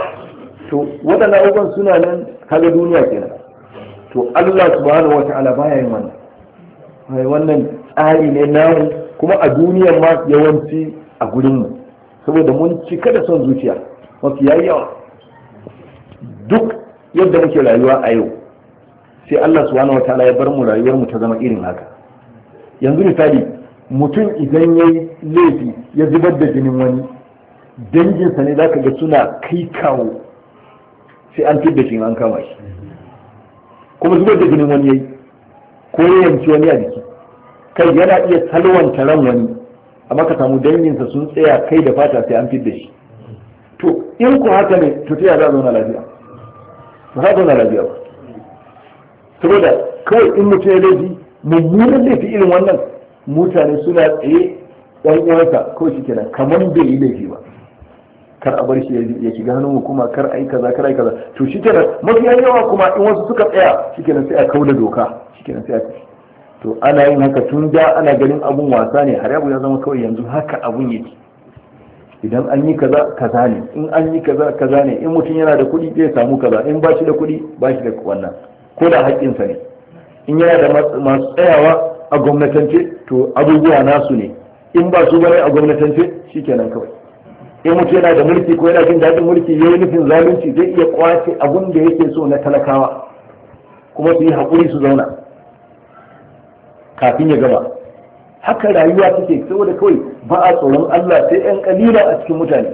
to waɗannan abubuwan suna nan kaga duniya kenan to Allah subhanahu wa ta'ala baya yin wannan Eh, wannan tsari ne namu kuma a duniyar ma yawanci a gurinmu saboda mun cika da son zuciya mafi yawa duk yadda muke rayuwa a yau sai Allah subhanahu ta'ala ya bar mu rayuwar mu ta zama irin haka yanzu misali mutum idan yayi laifi ya zubar da jinin wani danginsa ne zaka ga suna kai kawo sai an fidda shi an kama shi kuma zubar da jinin wani yayi ko ya wani a jiki kai yana iya salwanta ran wani amma ka samu danginsa sun tsaya kai da fata sai an da shi to in ku haka ne to ta za a zauna lafiya ba za a zauna lafiya ba saboda kawai in mutum ya laifi mummunan laifi irin wannan mutane suna tsaye ɗan uwansa kawai shi kenan kamar bai yi laifi ba kar a bar shi ya shiga hannun hukuma kar a yi kaza kar a yi kaza to shi kenan mafi yawa kuma in wasu suka tsaya shi kenan sai a kauda doka shi kenan sai a to ana yin haka tun da ana ganin abun wasa ne har ya zama kawai yanzu haka abun yake idan an yi kaza kaza ne in an yi kaza kaza ne in mutum yana da kuɗi zai samu kaza in ba shi da kuɗi ba shi da wannan ko da haƙƙinsa ne in yana da masu tsayawa a gwamnatance to abubuwa nasu ne in ba su bane a gwamnatance shi kenan kawai in mutum yana da mulki ko yana jin daɗin mulki yayi nufin zalunci zai iya kwace abun da yake so na talakawa kuma su yi haƙuri su zauna kafin ya gama haka rayuwa take saboda kawai ba a tsoron Allah sai ɗan kalila a cikin mutane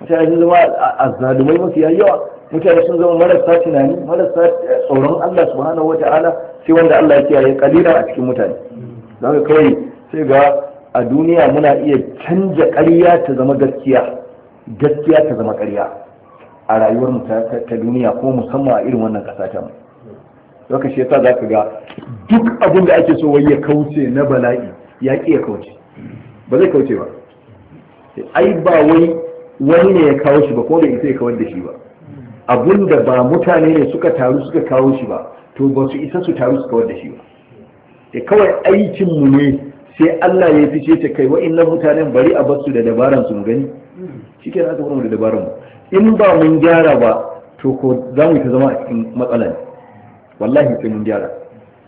mutane sun zama mafi yawa mutane sun zama marasa tunani marasa tsoron Allah subhanahu wata'ala sai wanda Allah ya kiyaye kalila a cikin mutane zaka kawai sai ga a duniya muna iya canja ƙarya ta zama gaskiya gaskiya ta zama ƙarya a rayuwar mu ta duniya ko musamman a irin wannan ƙasa mu zaka shi yasa zaka ga duk abin ake so wai ya kauce na bala'i ya ki ya kauce ba zai kauce ba ai ba wai wani ne ya kawo shi ba ko bai isa ya kawar da shi ba abun ba mutane ne suka taru suka kawo shi ba to ba su isa su taru su kawar da shi ba E kawai aikin mu ne sai Allah ya fice ta kai wa'annan mutanen bari a basu da dabaran su mu gani shikenan aka wurin da dabaran mu in ba mun gyara ba to ko za mu ta zama a cikin matsala ne wallahi sai mun gyara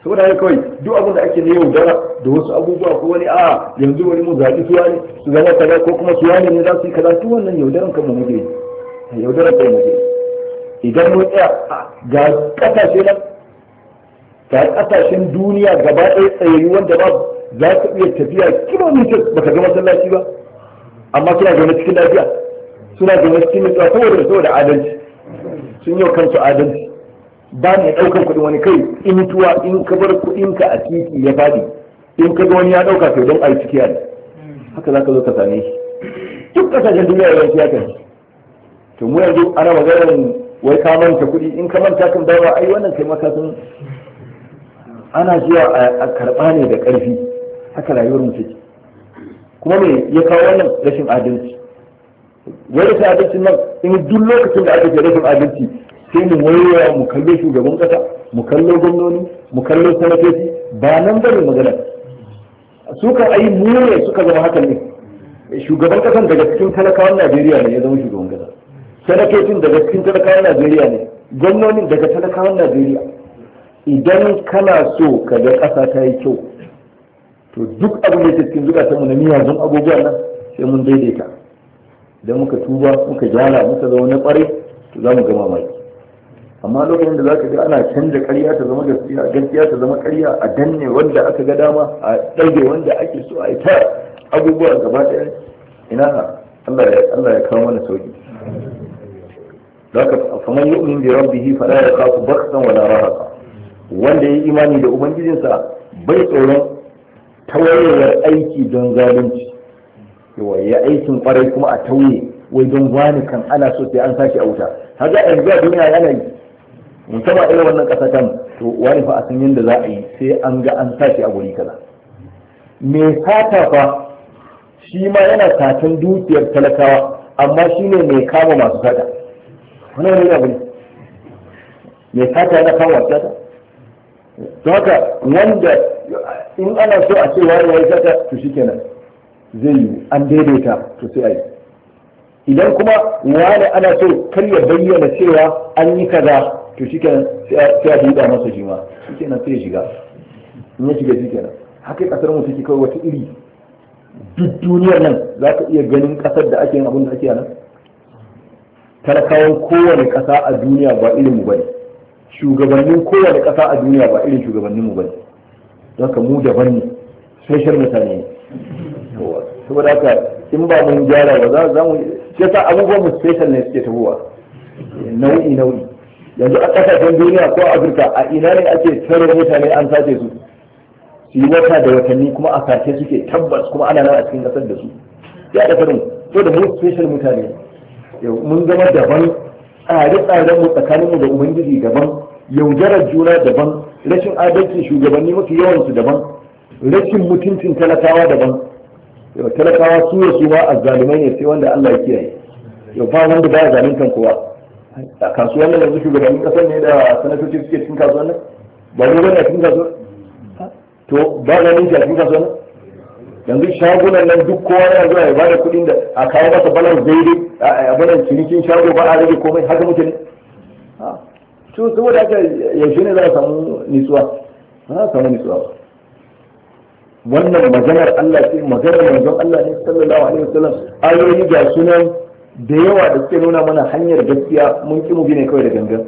saboda haka kawai duk abin da ake na yau da wasu abubuwa ko wani a yanzu wani mu zaɓi suwa ne su zama kaza ko kuma suwa ne za su yi kaza duk wannan yaudaran kan mu muke yi yaudaran kan mu idan mun tsaya ga kasashe nan ga kasashen duniya gaba ɗaya tsayayyu wanda ba za ka iya tafiya kilomita baka ga masallaci ba amma suna zaune cikin lafiya suna zaune cikin nutsuwa saboda saboda adalci sun yau kansu adalci ba ne ɗaukar kuɗin wani kai in tuwa in ka bar kuɗinka a titi ya faɗi in ka ga wani ya ɗauka to don a yi cikiya ne haka za ka zo ka same shi duk kasashen duniya yawan ya kan to mu yanzu ana maganar wai ka manta kuɗi in ka manta kan dawa ai wannan kai maka sun ana zuwa a karɓa ne da ƙarfi haka rayuwar mu take kuma me ya kawo wannan rashin adalci wani sa adalcin nan in duk lokacin da aka ce rashin adalci sai mu wayewa mu kallo shugaban kasa mu kallo gwamnoni mu kallo sanatoci ba nan bane magana suka ai mu ne suka zama hakan ne shugaban kasan daga cikin talakawan Najeriya ne ya zama shugaban kasa sanatocin daga cikin talakawan Najeriya ne gwamnoni daga talakawan Najeriya idan kana so ka ga ƙasa ta yi kyau to duk abin da ke cikin zukatanmu na miyagun abubuwan nan sai mun daidaita idan muka tuba muka jala muka zama na to za mu gama mai amma lokacin da zaka ga ana canza ƙarya ta zama gaskiya gaskiya ta zama ƙarya a danne wanda aka ga dama a ɗage wanda ake so a yi ta abubuwa gaba ɗaya ina Allah ya Allah ya kawo mana sauki zaka faman yu'min bi rabbih fala yakhafu bakhsan wala rahaqa wanda ya imani da ubangijinsa bai tsoron tawayewar aiki don zalunci yawa ya aikin kwarai kuma a tauye wai don wani kan ana so sai an sashi a wuta haka yanzu a duniya yana yi in saba irin wannan ƙasa kan to wani fa a san yadda za a yi sai an ga an sashi a guri kaza me sata fa shi ma yana satan dukiyar talakawa amma shi ne mai kama masu sata wani wani abu ne Me sata yana kama masu sata to haka wanda in ana so a ce wani wani sata to shi kenan zai yi an daidaita to sai a yi idan kuma wani ana so kar ya bayyana cewa an yi kaza to shi kenan sai a da masa shi ma shi kenan sai shiga in ya shiga shi nan haka kasar mu take kawai wata iri duk duniyar nan za ka iya ganin kasar da ake yin abin da ake nan talakawan kowane kasa a duniya ba irin mu bane shugabannin kowane kasa a duniya ba irin shugabannin mu bane don ka mu daban ne sai mutane ne saboda haka in ba mun gyara ba za mu shi abubuwan mu special ne suke tabuwa nau'i nau'i yanzu a kasashen duniya ko afirka a ina ne ake tsare mutane an sace su su yi wata da watanni kuma a sace suke tabbas kuma ana nan a cikin kasar da su ya da karin to da mu special mutane mun zama daban tsare-tsaren mu tsakanin mu da ubangiji daban yaudarar juna daban rashin adalci shugabanni mafi yawan su daban rashin mutuncin talakawa daban yau talakawa su da su ma azzalimai ne sai wanda Allah ya kiyaye yau ba wanda ba zaluntan kowa a kasuwan nan yanzu shugabannin kasar ne da sanatoci suke cikin kasuwan nan ba ne wanda cikin kasuwan to ba zalunci a cikin kasuwan nan yanzu shagunan nan duk kowa yana zuwa ya bada kuɗin da a kawo masa balar zaidi a balar cinikin shago ba a rage komai haka muke ne to saboda haka yaushe ne za a samu nitsuwa za a samu nitsuwa wannan maganar Allah ce maganar manzon Allah ne sallallahu alaihi wasallam ayoyi ga sunan da yawa da suke nuna mana hanyar gaskiya mun ki bi ne kawai da gangan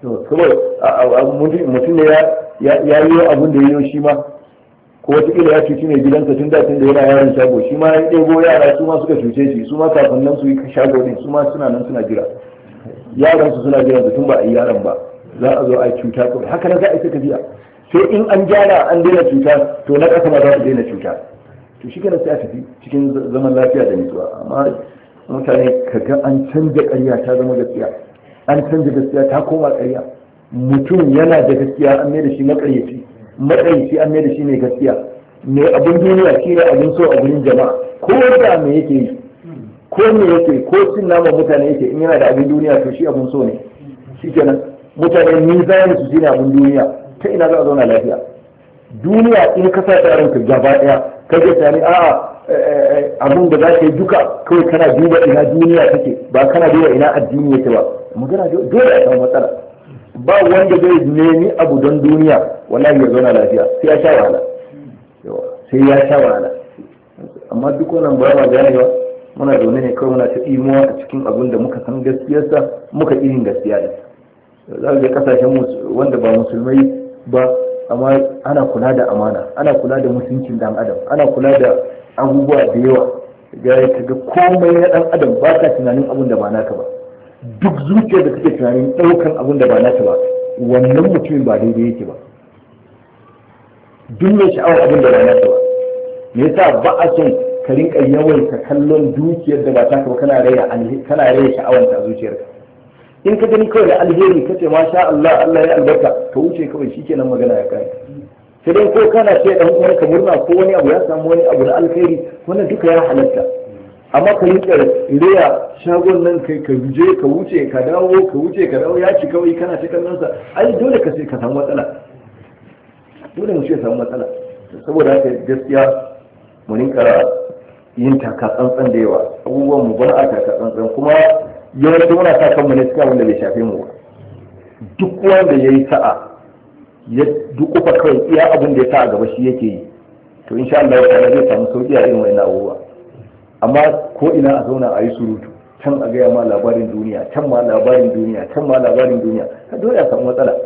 to kawai mutum ne ya yi abun da ya yi shi ma ko wataƙila ya cuci mai gidansa tun da tun da yana yaron shago shi ma ya ɗebo yara su ma suka cuce shi su ma kafin nan su yi shago ne su ma suna nan suna jira yaran su suna jira tun ba a yi yaron ba za a zo a cuta kawai haka na za a yi ta tafiya sai in an gyara an daina cuta to na kasa ma za su daina cuta to shi kenan sai a tafi cikin zaman lafiya da nutsuwa amma mutane kaga an canza ƙarya ta zama gaskiya an canza gaskiya ta koma ƙarya mutum yana da gaskiya an mai da shi maƙaryaci maƙaryaci an mai da shi mai gaskiya mai abin duniya shi ne abin so a gurin jama'a ko da me yake yi ko me yake ko cin nama mutane yake in yana da abin duniya to shi abin so ne shi kenan mutane ni zai su shine abin duniya ta ina za a zauna lafiya duniya in ka sa ta ka gaba daya ka ga tani a abin da za ka yi duka kawai kana duba ina duniya take ba kana duba ina addini yake ba magana dole a samu matsala ba wanda zai nemi abu don duniya wallahi ya zauna lafiya sai ya sha wahala sai ya sha wahala amma duk wannan ba ma ba muna zaune ne kawai muna ta imuwa a cikin abin da muka san gaskiyarsa muka irin gaskiya ne za ga kasashen wanda ba musulmai ba amma ana kula da amana ana kula da mutuncin dan adam ana kula da abubuwa da yawa ga kaga komai na dan adam ba ka tunanin abin da ba naka ba duk zuciyar da kake tunanin daukan abin da ba naka ba wannan mutumin ba daidai yake ba duk mai sha'awar abin da ba naka ba me yasa ba a son ka rinka yawaita kallon dukiyar da ba taka ba kana raya kana raya sha'awar ta zuciyarka in ka gani kawai da alheri ka ce sha Allah Allah ya albarka ka wuce kawai shikenan magana ya kai sai dai ko kana ce dan uwan ka murna ko wani abu ya samu wani abu na alheri wannan duka ya halatta amma ka tsare, riya shagon nan kai ka je ka wuce ka dawo ka wuce ka dawo ya ci kawai kana ta kallon sa ai dole ka sai ka samu matsala dole mu ce samu matsala saboda haka gaskiya mu rinka yin taka tsantsan da yawa abubuwan mu ba a taka tsantsan kuma yawanci muna sa kanmu ne suka wanda bai shafe mu ba duk wanda ya yi sa'a ya dukufa kawai iya abin da ya sa a gaba shi yake yi to insha Allah ta'ala zai samu sauki a irin wannan abubuwa amma ko ina a zauna a yi surutu can a gaya ma labarin duniya can ma labarin duniya can ma labarin duniya ka dole a samu matsala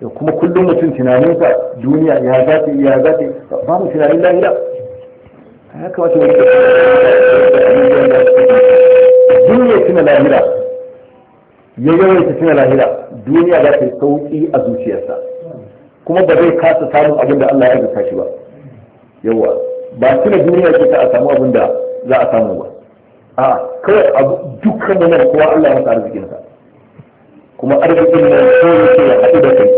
da kuma kullum mutum tunaninsa duniya ya za ta ya za ta ba mu tunanin lahira ya kamata mu duniya suna tuna lahira ya yawaita tuna lahira duniya za ta yi sauƙi a zuciyarsa kuma ba zai kasa samun abin da Allah ya azurta shi ba yawa ba tuna duniya ce ta a samu abin da za a samu ba a kawai abu dukkan nan kowa Allah ya masa arzikinsa kuma arzikin nan ko ce ya haɗu da kai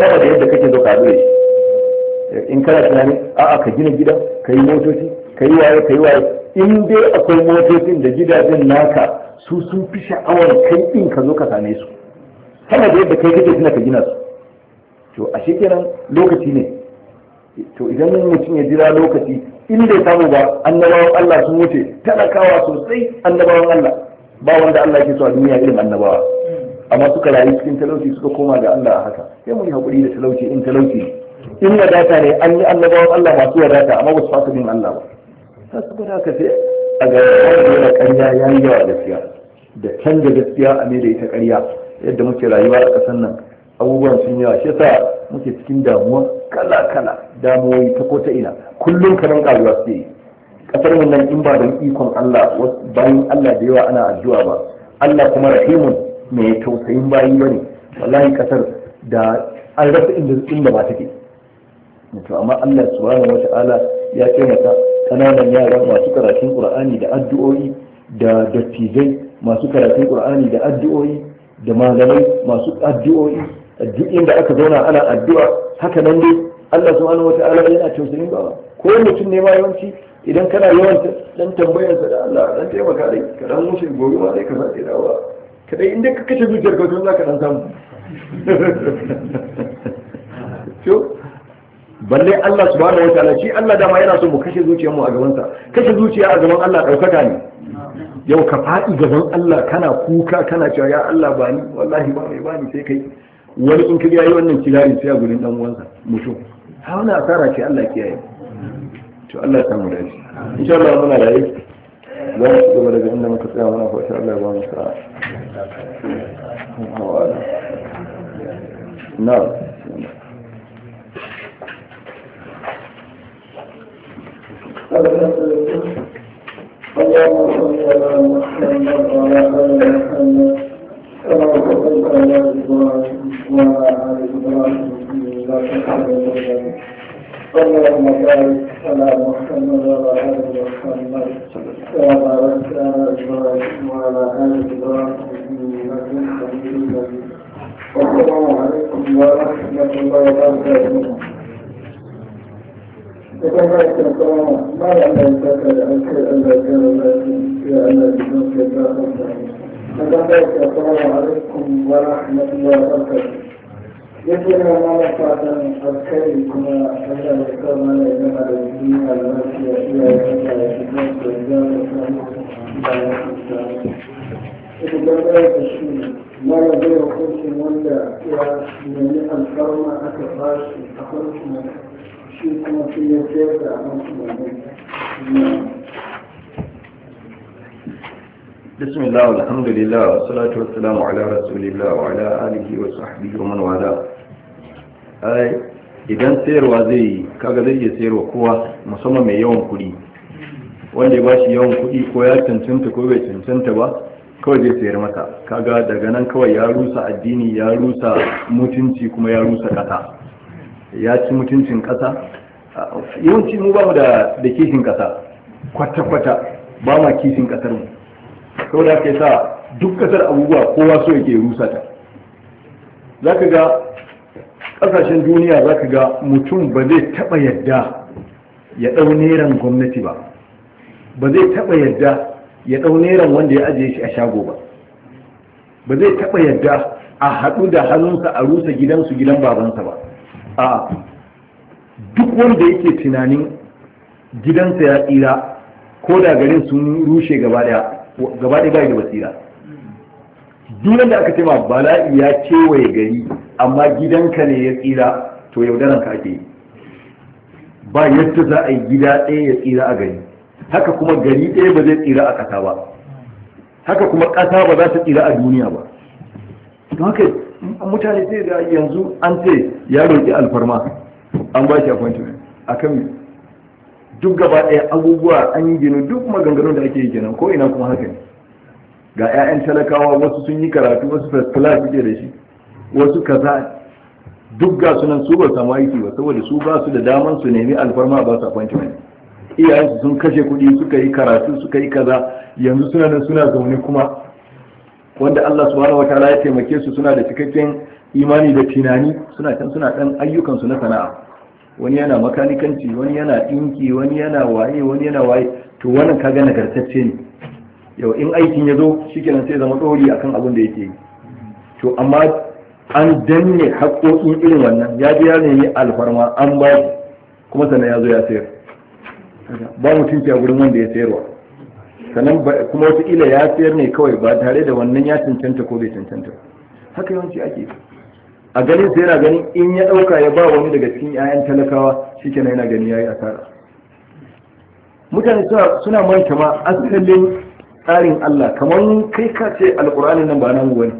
sama da yadda kake zo zuwa shi in kana tunani a'a ka gina gida ka yi motoci ka yi waye ka yi waye in dai akwai motocin da gidajen naka su sun fi sha'awar kai din ka zo ka same su kana da yadda kai kake tuna ka gina su to a shekaran lokaci ne to idan mutum ya jira lokaci in bai samu ba annabawan Allah sun wuce talakawa sosai annabawan Allah ba wanda Allah ke so a duniya irin annabawa amma suka rayu cikin talauci suka koma ga Allah a haka sai mun yi hakuri da talauci in talauci in wadata ne an yi annabawan Allah masu wadata amma ba su fasa bin Allah ba ta saboda ka a ga yana ƙarya ya yi yawa gaskiya da canza gaskiya a mai ita ƙarya yadda muke rayuwa a ƙasar nan abubuwan sun yawa shi yasa muke cikin damuwa kala kala damuwoyi ta ko ta ina kullum karan ƙaruwa su yi kasar mu nan in ba da ikon Allah bayan Allah da yawa ana addu'a ba Allah kuma rahimun mai tausayin bayi ne wallahi kasar da an rasa inda ba take to amma Allah subhanahu ta'ala ya taimaka kananan yara masu karatun qur'ani da addu'o'i da dattijai masu karatun qur'ani da addu'o'i da malamai masu addu'o'i duk inda aka zauna ana addu'a haka nan dai Allah subhanahu wata'ala yana tausayin bawa ko mutum ne ma yawanci idan kana yawan dan tambayarsa da Allah dan taimaka dai ka dan mushe gobe ma dai ka sake dawowa kadai inda ka kace zuciyar ka to za dan samu balle Allah subhanahu wataala shi Allah dama yana so mu kashe zuciyarmu a gabansa kashe zuciya a gaban Allah ɗaukaka ne yau ka faɗi gaban Allah kana kuka kana cewa ya Allah ba ni wallahi ba mai bani sai kai wani in kaga yayi wannan kirari sai a gurin dan uwansa mutu. ha wani asara ce Allah kiyaye to Allah ya samu dace insha Allah muna da yake za mu gaba daga inda muka tsaya muna fata Allah ya ba mu sa'a na'am اللهم صل على محمد وعلى ال محمد كما صليت على ابراهيم وعلى ال ابراهيم انك حميد مجيد اللهم بارك على محمد وعلى ال محمد كما باركت على ابراهيم وعلى ال ابراهيم انك حميد مجيد والسلام عليكم ورحمه الله وبركاته وبارك الله ما يعلم ذكر الخير الا كان لكن يا انا بشرك الله السلام عليكم ورحمه الله وبركاته يجب ما نفعت أذكركم أن الإكرام لنا الدين التي هي الإسلام والإسلام لا يضيع كل من لا يمنع الكرم أكفاش أقول لكم Bismila kuma shi ya sayar da abinci da mai بسم الله والحمد لله idan sayarwa zai kaga zai iya sayarwa kowa musamman mai yawan kuɗi wanda ya ba shi yawan kuɗi ko ya cancanta ko bai cancanta ba kawai zai sayar masa kaga daga nan kawai ya rusa addini ya rusa mutunci kuma ya rusa ƙasa ya ci mutuncin ƙasa yawanci mu ba mu da kishin ƙasa kwata-kwata ba ma kishin ƙasar mu da ke sa duk ƙasar abubuwa kowa so yake rusa ta za ka ga ƙasashen duniya za ka ga mutum ba zai taɓa yadda ya ɗau neran gwamnati ba ba zai taɓa yadda ya ɗau neran wanda ya ajiye shi a shago ba ba zai taɓa yadda a haɗu da hannunsa a rusa gidansu gidan babansa ba a duk wanda yake tunanin gidansa ya tsira ko da garin sun rushe gaba daya gaba bai da basira dunan da aka ce ma bala'i ya kewaye gari amma gidanka ne ya tsira to yaudaran ka ake ba yadda za a yi gida ɗaya ya tsira a gari haka kuma gari ɗaya ba zai tsira a ƙasa ba haka kuma ƙasa ba za ta tsira a duniya ba don haka mutane sai da yanzu an ce ya roƙi alfarma an ba shi appointment kan duk gaba ɗaya abubuwa an yi ginu duk maganganun da ake yi kenan ko ina kuma haka ne ga 'ya'yan talakawa wasu sun yi karatu wasu first class suke da shi wasu kaza duk ga sunan su ba samu aiki ba saboda su ba su da daman su nemi alfarma ba su appointment iyayensu sun kashe kuɗi suka yi karatu suka yi kaza yanzu suna nan suna zaune kuma wanda Allah subhanahu wataala ya taimake su suna da cikakken imani da tunani suna can suna dan ayyukan su na sana'a wani yana makanikanci wani yana dinki wani yana waye wani yana waye to wannan kaga nagartacce ne yau in aikin ya zo shikenan sai zama dori akan abin da yake yi to amma an danne haƙoƙin irin wannan ya ji ya nemi alfarma an ba kuma sannan ya zo ya sayar ba mutunci a gurin wanda ya sayarwa sannan kuma wata ila ya sayar ne kawai ba tare da wannan ya cancanta ko bai cancanta haka yawanci ake a ganin sai yana ganin in ya ɗauka ya ba wani daga cikin 'ya'yan talakawa shikenan yana gani yayi asara mutane suna manta ma asalin tsarin Allah kamar kai ka ce alƙur'ani nan ba namu wani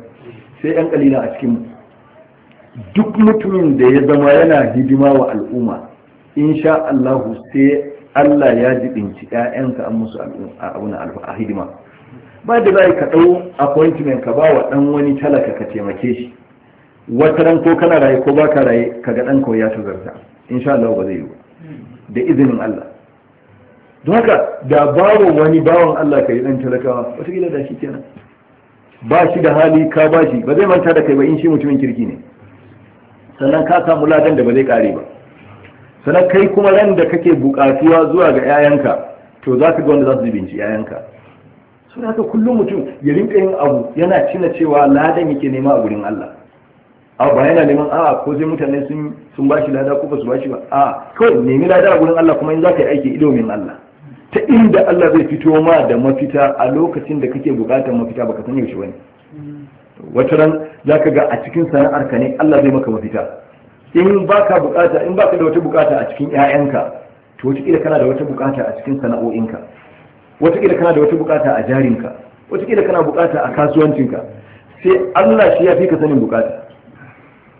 sai 'yan kalina a cikin duk mutumin da ya zama yana hidima wa al'umma insha Allahu sai Allah ya jibinci ‘ya’yanka an musu abun a hidima ba da zai ka ɗau appointment ka ba wa ɗan wani talaka ka taimake shi wata ran ko kana raye ko ba ka raye ka ga ɗan ya tuzarta insha Allah ba zai yi ba da izinin Allah don haka da bawa wani bawan Allah ka yi ɗan talakawa wataƙila da shi kenan ba shi da hali ka ba shi ba zai manta da kai ba in shi mutumin kirki ne sannan ka samu ladan da ba zai ƙare ba sana kai kuma ran da kake bukatuwa zuwa ga 'ya'yanka to za ka ga wanda za su zubinci 'ya'yanka su haka kullum mutum ya rinka yin abu yana cina cewa ladan yake nema a gurin Allah a ba yana neman a ko sai mutane sun sun bashi lada ko ba su bashi ba a ko nemi lada a gurin Allah kuma in za ka yi aiki ilimin Allah ta inda Allah zai fito ma da mafita a lokacin da kake bukatar mafita baka san yaushe bane wata ran zaka ga a cikin sana'arka ne Allah zai maka mafita in baka bukata in baka da wata bukata a cikin ƴaƴanka to kila kana da wata bukata a cikin sana'o'inka kila kana da wata bukata a jarinka kila kana bukata a kasuwancinka sai Allah shi ya fi ka sanin bukata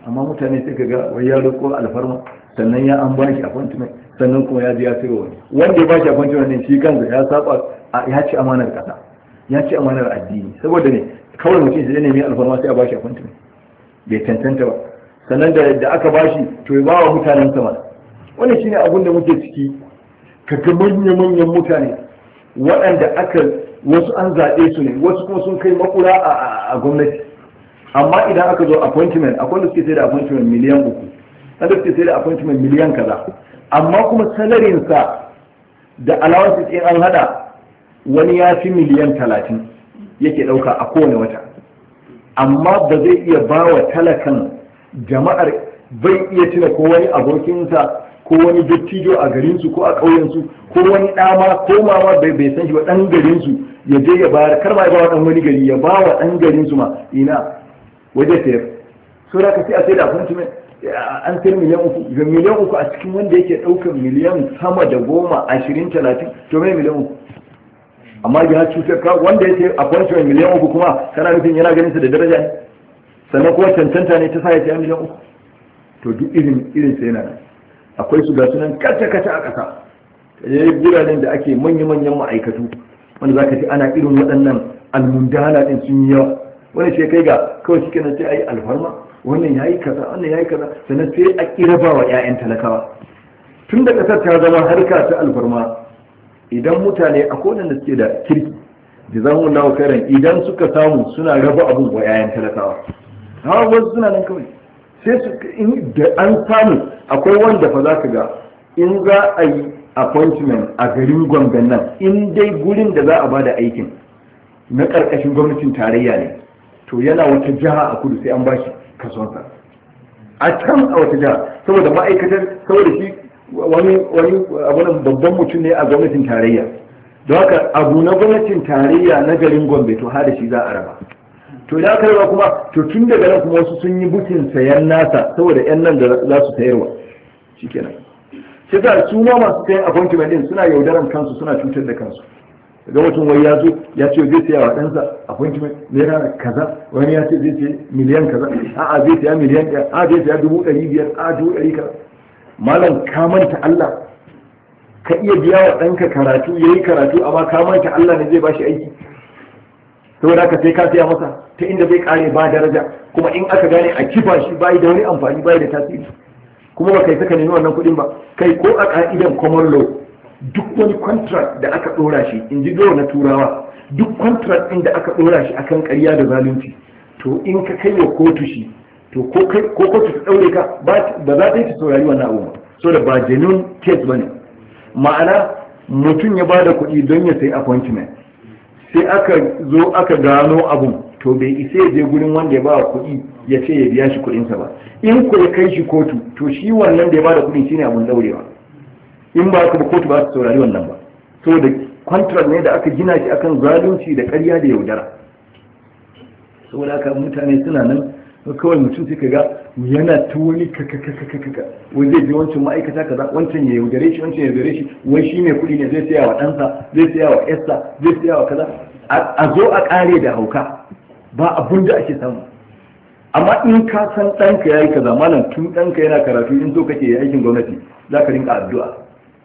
amma mutane sai ga wai ya roƙo alfarma sannan ya an bashi mai, sannan kuma ya ji ya sayo wani wanda ya bashi appointment ne shi kansa ya saba ya ci amanar kasa ya ci amanar addini saboda ne kawai mutum shi ne mai alfarma sai a bashi mai. bai tantanta ba sannan da yadda aka bashi to ya bawa mutanen sama wannan shine abin da muke ciki ka ga manya-manyan mutane waɗanda aka wasu an zaɓe su ne wasu kuma sun kai makura a gwamnati amma idan aka zo appointment akwai da suke sai da appointment miliyan uku na da suke sai da appointment miliyan kaza amma kuma salarinsa da allowance in an hada wani ya fi miliyan talatin yake ɗauka a kowane wata amma ba zai iya ba wa talakan jama'ar bai iya tuna ko wani abokinsa ko wani dattijo a garinsu ko a ƙauyensu ko wani ɗama ko mama bai bai san shi ba ɗan garinsu ya je ya bayar kar ma ya bawa ɗan wani gari ya bawa ɗan garinsu ma ina waje sayar so da ka sai a sai da kuma an sayar miliyan uku ga miliyan uku a cikin wanda yake ɗaukar miliyan sama da goma ashirin talatin to mai miliyan uku amma ya cutar wanda yake a kwanci miliyan uku kuma kana nufin yana ganin su da daraja ne sannan kuma cancanta ne ta sa ya ce miliyan uku to duk irin irin sai yana akwai su ga sunan kata kata a ƙasa yi guraren da ake manya-manyan ma'aikatu wanda za ka ce ana irin waɗannan almundana ɗin sun yi yawa wani sai kai ga kawai shi kenan sai a yi alfarma wannan ya yi kaza wannan ya yi kaza sannan sai a ba wa 'ya'yan talakawa tun da ƙasar ta zama harka ta alfarma idan mutane a kowane da suke da kirki da zamu lawo karen idan suka samu suna raba abubuwa wa 'ya'yan talakawa har wasu suna nan kawai sai su da an samu akwai wanda fa za ka ga in za a yi appointment a garin gwamnan nan in dai gurin da za a da aikin na karkashin gwamnatin tarayya ne to yana wata jiha a kudu sai an ba shi kasonsa a can a wata jiha saboda ma'aikatar saboda shi wani wani babban mutum ne a gwamnatin tarayya don haka abu na gwamnatin tarayya na garin gombe to ha da shi za a raba to ya karba kuma to tun daga nan kuma wasu sun yi bukin sayan nasa saboda yan nan da za su sayarwa shikenan sai ga su ma masu sayan appointment din suna yaudaran kansu suna cutar da kansu Daga mutum wai ya zo ya ce zai saya wa ɗansa appointment naira kaza wani ya ce zai saya miliyan kaza a'a zai saya miliyan ɗaya a zai saya dubu ɗari biyar a dubu ɗari kaza malam ka manta Allah ka iya biya wa ɗanka karatu ya yi karatu amma ka manta Allah ne zai ba shi aiki saboda haka sai ka siya masa ta inda zai kare ba daraja kuma in aka gane a kifa shi bai da wani amfani bai da tasiri kuma ba kai saka nemi wannan kuɗin ba kai ko a ka'idan common law duk wani contract da aka dora shi in ji na turawa duk contract ɗin da aka ɗora shi akan ƙarya da zalunci to in ka kai wa kotu shi to ko kotu ta ɗaure ka ba za ta yi ta saurari wannan abu so da ba genuine case ba ne ma'ana mutum ya bada da kuɗi don ya sayi appointment sai aka zo aka gano abun to bai isa ya je gurin wanda ya ba kuɗi ya ce ya biya shi kuɗinsa ba in ku ya kai shi kotu to shi wannan da ya ba da kuɗin shine abun daurewa in ba ka ba kotu ba su saurari wannan ba da kwantar ne da aka gina shi akan zalunci da ƙarya da yaudara saboda haka mutane suna nan kawai mutum sai ka ga yana ta wani kakakakakaka wani zai je wancan ma'aikata kaza wancan ya yaudare shi wancan ya yaudare shi wai shi mai kuɗi ne zai saya wa ɗansa zai saya wa ƴarsa zai saya wa kaza a zo a ƙare da hauka ba abun da ake samu amma in ka san ɗanka ya yi kaza malam tun ɗanka yana karatu in so kake yi aikin gwamnati za ka rinka addu'a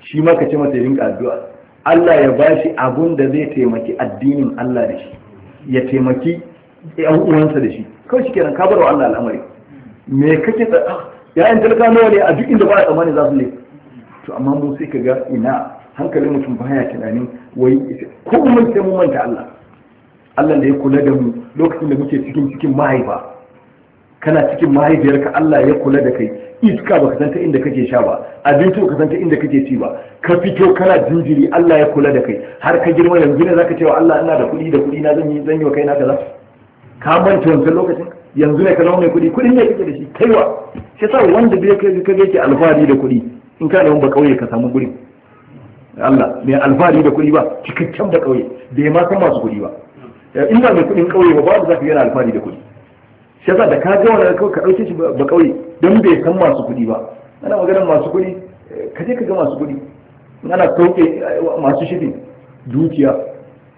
shi ma ka ce masa ya rinka addu'a Allah ya ba shi abun da zai taimaki addinin Allah da shi ya taimaki ƴan uwansa da shi kawai shi kenan ka bar wa Allah al'amari me kake da ah, yayin talaka nawa ne a duk inda ba a tsammani za su ne to amma mu sai ka ga ina hankalin mutum baya tunanin wai ko mun sai mu manta Allah Allah da ya kula da mu lokacin da muke cikin cikin mahaifa kana cikin mahaifiyarka Allah ya kula da kai iska baka san ta inda kake sha ba abinci baka san ta inda kake ci ba ka fito kana jinjiri Allah ya kula da kai har ka girma yanzu ne zaka cewa Allah ina da kuɗi da kuɗi na zan yi zan yi wa kaina kaza ka manta wancan lokacin yanzu ne ka zama mai kuɗi kuɗin ne kake da shi kaiwa shi sa wanda bai kai ka yake alfahari da kuɗi in ka da ba kauye ka samu gurin Allah mai alfahari da kuɗi ba cikakken da kauye bai ma san masu kuɗi ba in ba mai kuɗin kauye ba babu za ka yana alfahari da kuɗi shi sa da ka ga wani ka ɗauke shi ba kauye don bai san masu kuɗi ba ana maganar masu kuɗi eh, ka je ka ga masu kuɗi ana sauke eh, masu shirin dukiya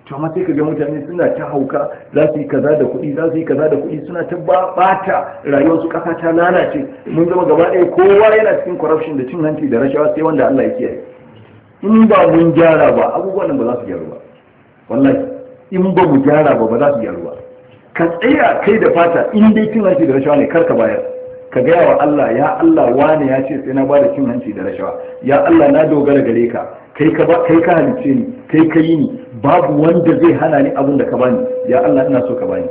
to amma sai kaga mutane suna ta hauka za su yi kaza da kuɗi za su yi kaza da kuɗi suna ta bata rayuwar su ƙasa ta lalace mun zama gaba ɗaya kowa yana cikin corruption da cin hanci da rashawa sai wanda Allah ya kiyaye in ba mun gyara ba abubuwan nan ba za su gyaru ba wallahi in ba mu gyara ba ba za su gyaru ba ka tsaya kai da fata in dai cin hanci da rashawa ne kar ka bayar ka gaya wa Allah ya Allah wane ya ce sai na bada cin hanci da rashawa ya Allah na dogara gare ka kai ka kai halice ni kai ka yi ni babu wanda zai hana ni abin da ka bani ya Allah ina so ka bani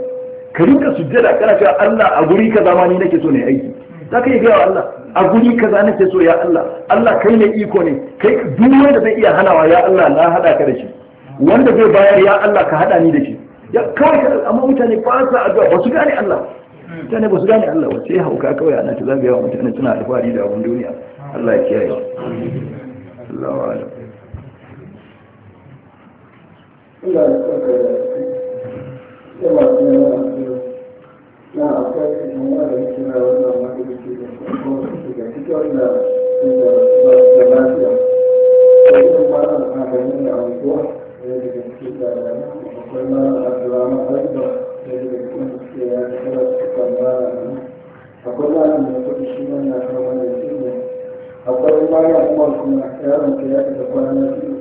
ka rinka sujjada kana cewa Allah a guri kaza ma ni nake so ne aiki za ka yi gaya wa Allah a guri kaza nake so ya Allah Allah kai ne iko ne kai duk wanda zai iya hanawa ya Allah na hada ka da shi wanda zai bayar ya Allah ka hada ni da shi ya kawai amma mutane ba sa addu'a ba su gane Allah mutane ba su gane Allah ba sai hauka kawai ana ta zagaya mutane suna alfahari da abun duniya Allah ya kiyaye Allahu ina da son kai da su masu yana su na akwai cikin wanda yake na wannan wanda yake da kuma su ga cikin wanda da da lafiya to yin kwana da maganin da anguwa da daga cikin da akwai na alama aiba da daga cikin da suke ya da kala su kama akwai na da mai kudi shi wannan Ya da shi ne akwai kuma kuma yaron ke ya da kwanan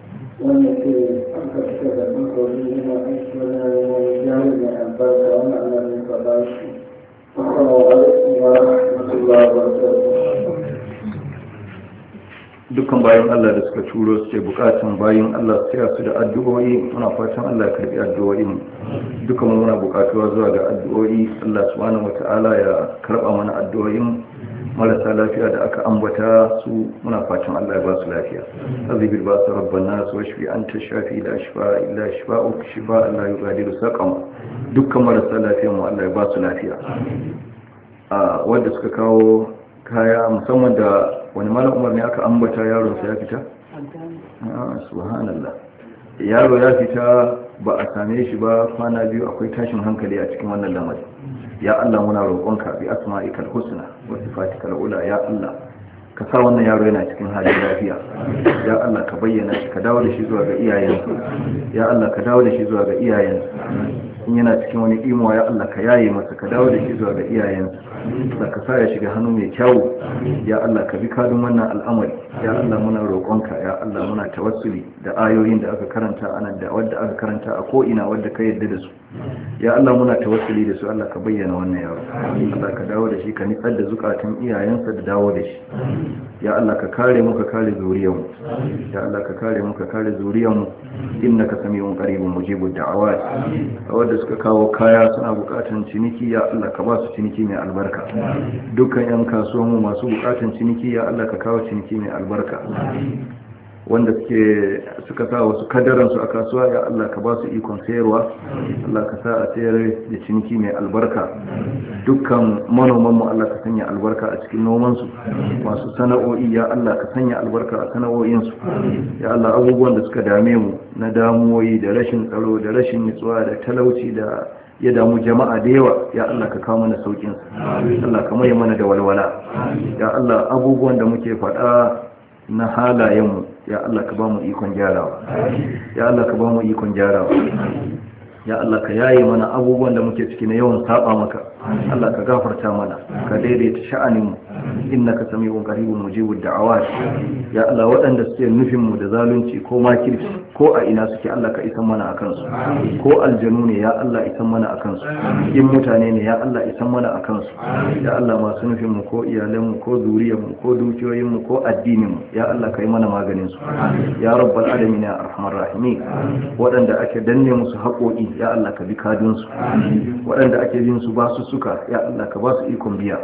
dukkan bayan Allah da suka turo su ce bukatun bayan Allah su tsaya su da addu'o'i muna fatan Allah ya karbi addu'o'in dukkan muna bukatuwa zuwa ga addu'o'i Allah su wani wataala ya karɓa mana addu'o'in marasa lafiya da aka ambata su muna fatan Allah ya ba su lafiya azibil ba su rabban nasu wa shafi anta shafi la shifa illa shifa'uk shifa Allah ya gadiru saqama dukkan marasa lafiya mu Allah ya ba su lafiya a wanda suka kawo kaya musamman da wani malam Umar ne aka ambata yaron sa ya fita ah, subhanallah yaro ya fita ba a same shi ba kwana biyu akwai tashin hankali a cikin wannan lamarin ya Allah muna roƙonka bi asma'ikal husna wa sifatikal ula ya Allah ka sa wannan yaro yana cikin halin lafiya ya Allah ka bayyana ka dawo da shi zuwa ga iyayen ya Allah ka dawo da shi zuwa ga iyayen in yana cikin wani imo ya Allah ka yaye masa ka dawo da shi zuwa ga iyayen da ka sa ya shiga hannu mai kyau ya Allah ka bi kadun wannan al'amari ya Allah muna roƙonka ya Allah muna tawassuli da ayoyin da aka karanta anan da wadda aka karanta a ko'ina wadda ka yadda da su ya Allah muna tawassuli da su Allah ka bayyana wannan yaro Allah ka dawo da shi ka nitsar da zukatun iyayensa da dawo da shi ya Allah ka kare mu ka kare zuriyar mu ya Allah ka kare mu ka kare zuriyar mu innaka samiyun qaribun mujibud da'awat wanda suka kawo kaya suna buƙatan ciniki ya Allah ka ba su ciniki mai albarka dukkan yan kasuwa mu masu buƙatan ciniki ya Allah ka kawo ciniki mai albarka wanda suke suka sa wasu kadaransu a kasuwa ya Allah ka ba su ikon sayarwa Allah ka sa a sayar da ciniki mai albarka dukkan manomanmu Allah ka sanya albarka a cikin nomansu masu sana'o'i ya Allah ka sanya albarka a su ya Allah abubuwan da suka dame mu na damuwoyi da rashin tsaro da rashin nutsuwa da talauci da ya damu jama'a da yawa ya Allah ka kawo mana saukin Allah ka maye mana da walwala ya Allah abubuwan da muke faɗa na halayenmu ya Allah ka ba mu ikon gyarawa ya Allah ka ba mu ikon gyarawa ya Allah ka yaye mana abubuwan da muke ciki na yawan saba maka Allah ka gafarta mana ka daidaita sha'anin mu innaka sami'un qaribun mujibud da'awat ya Allah waɗanda suke nufin mu da zalunci ko makirci ko a ina suke Allah ka isan mana akan su ko aljanu ne ya Allah isan mana akan su in mutane ne ya Allah isan mana akan su ya Allah masu nufin mu ko iyalan mu ko zuriyar mu ko dukiyoyin mu ko addinin mu ya Allah ka yi mana maganin su ya rabbal alamin ya arhamar rahimin waɗanda ake danne musu haƙoƙi ya Allah ka bi kadin su waɗanda ake jin su ba su suka ya Allah ka ba su ikon biya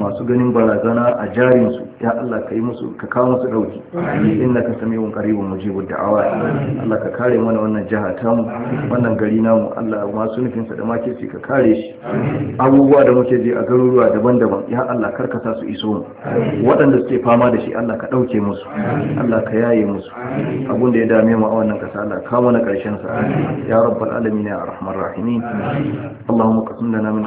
masu ganin barazana a jarinsu ya Allah ka yi musu ka kawo musu dauki inna ka sami wun karibun mujibud da'awa Allah ka kare mana wannan jiha ta wannan gari namu Allah masu nufin sa da makirci ka kare shi abubuwa da muke je a garuruwa daban-daban ya Allah karkasa su iso mu waɗanda suke fama da shi Allah ka ɗauke musu Allah ka yaye musu abun da ya dame mu a wannan kasa Allah ka mana ƙarshen sa ya rabbal alamin ya rahimin Allahumma qasim lana min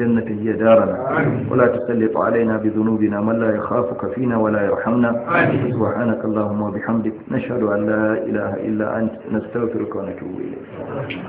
الجنة هي دارنا ولا تسلط علينا بذنوبنا من لا يخافك فينا ولا يرحمنا سبحانك اللهم وبحمدك نشهد أن لا إله إلا أنت نستغفرك ونتوب إليك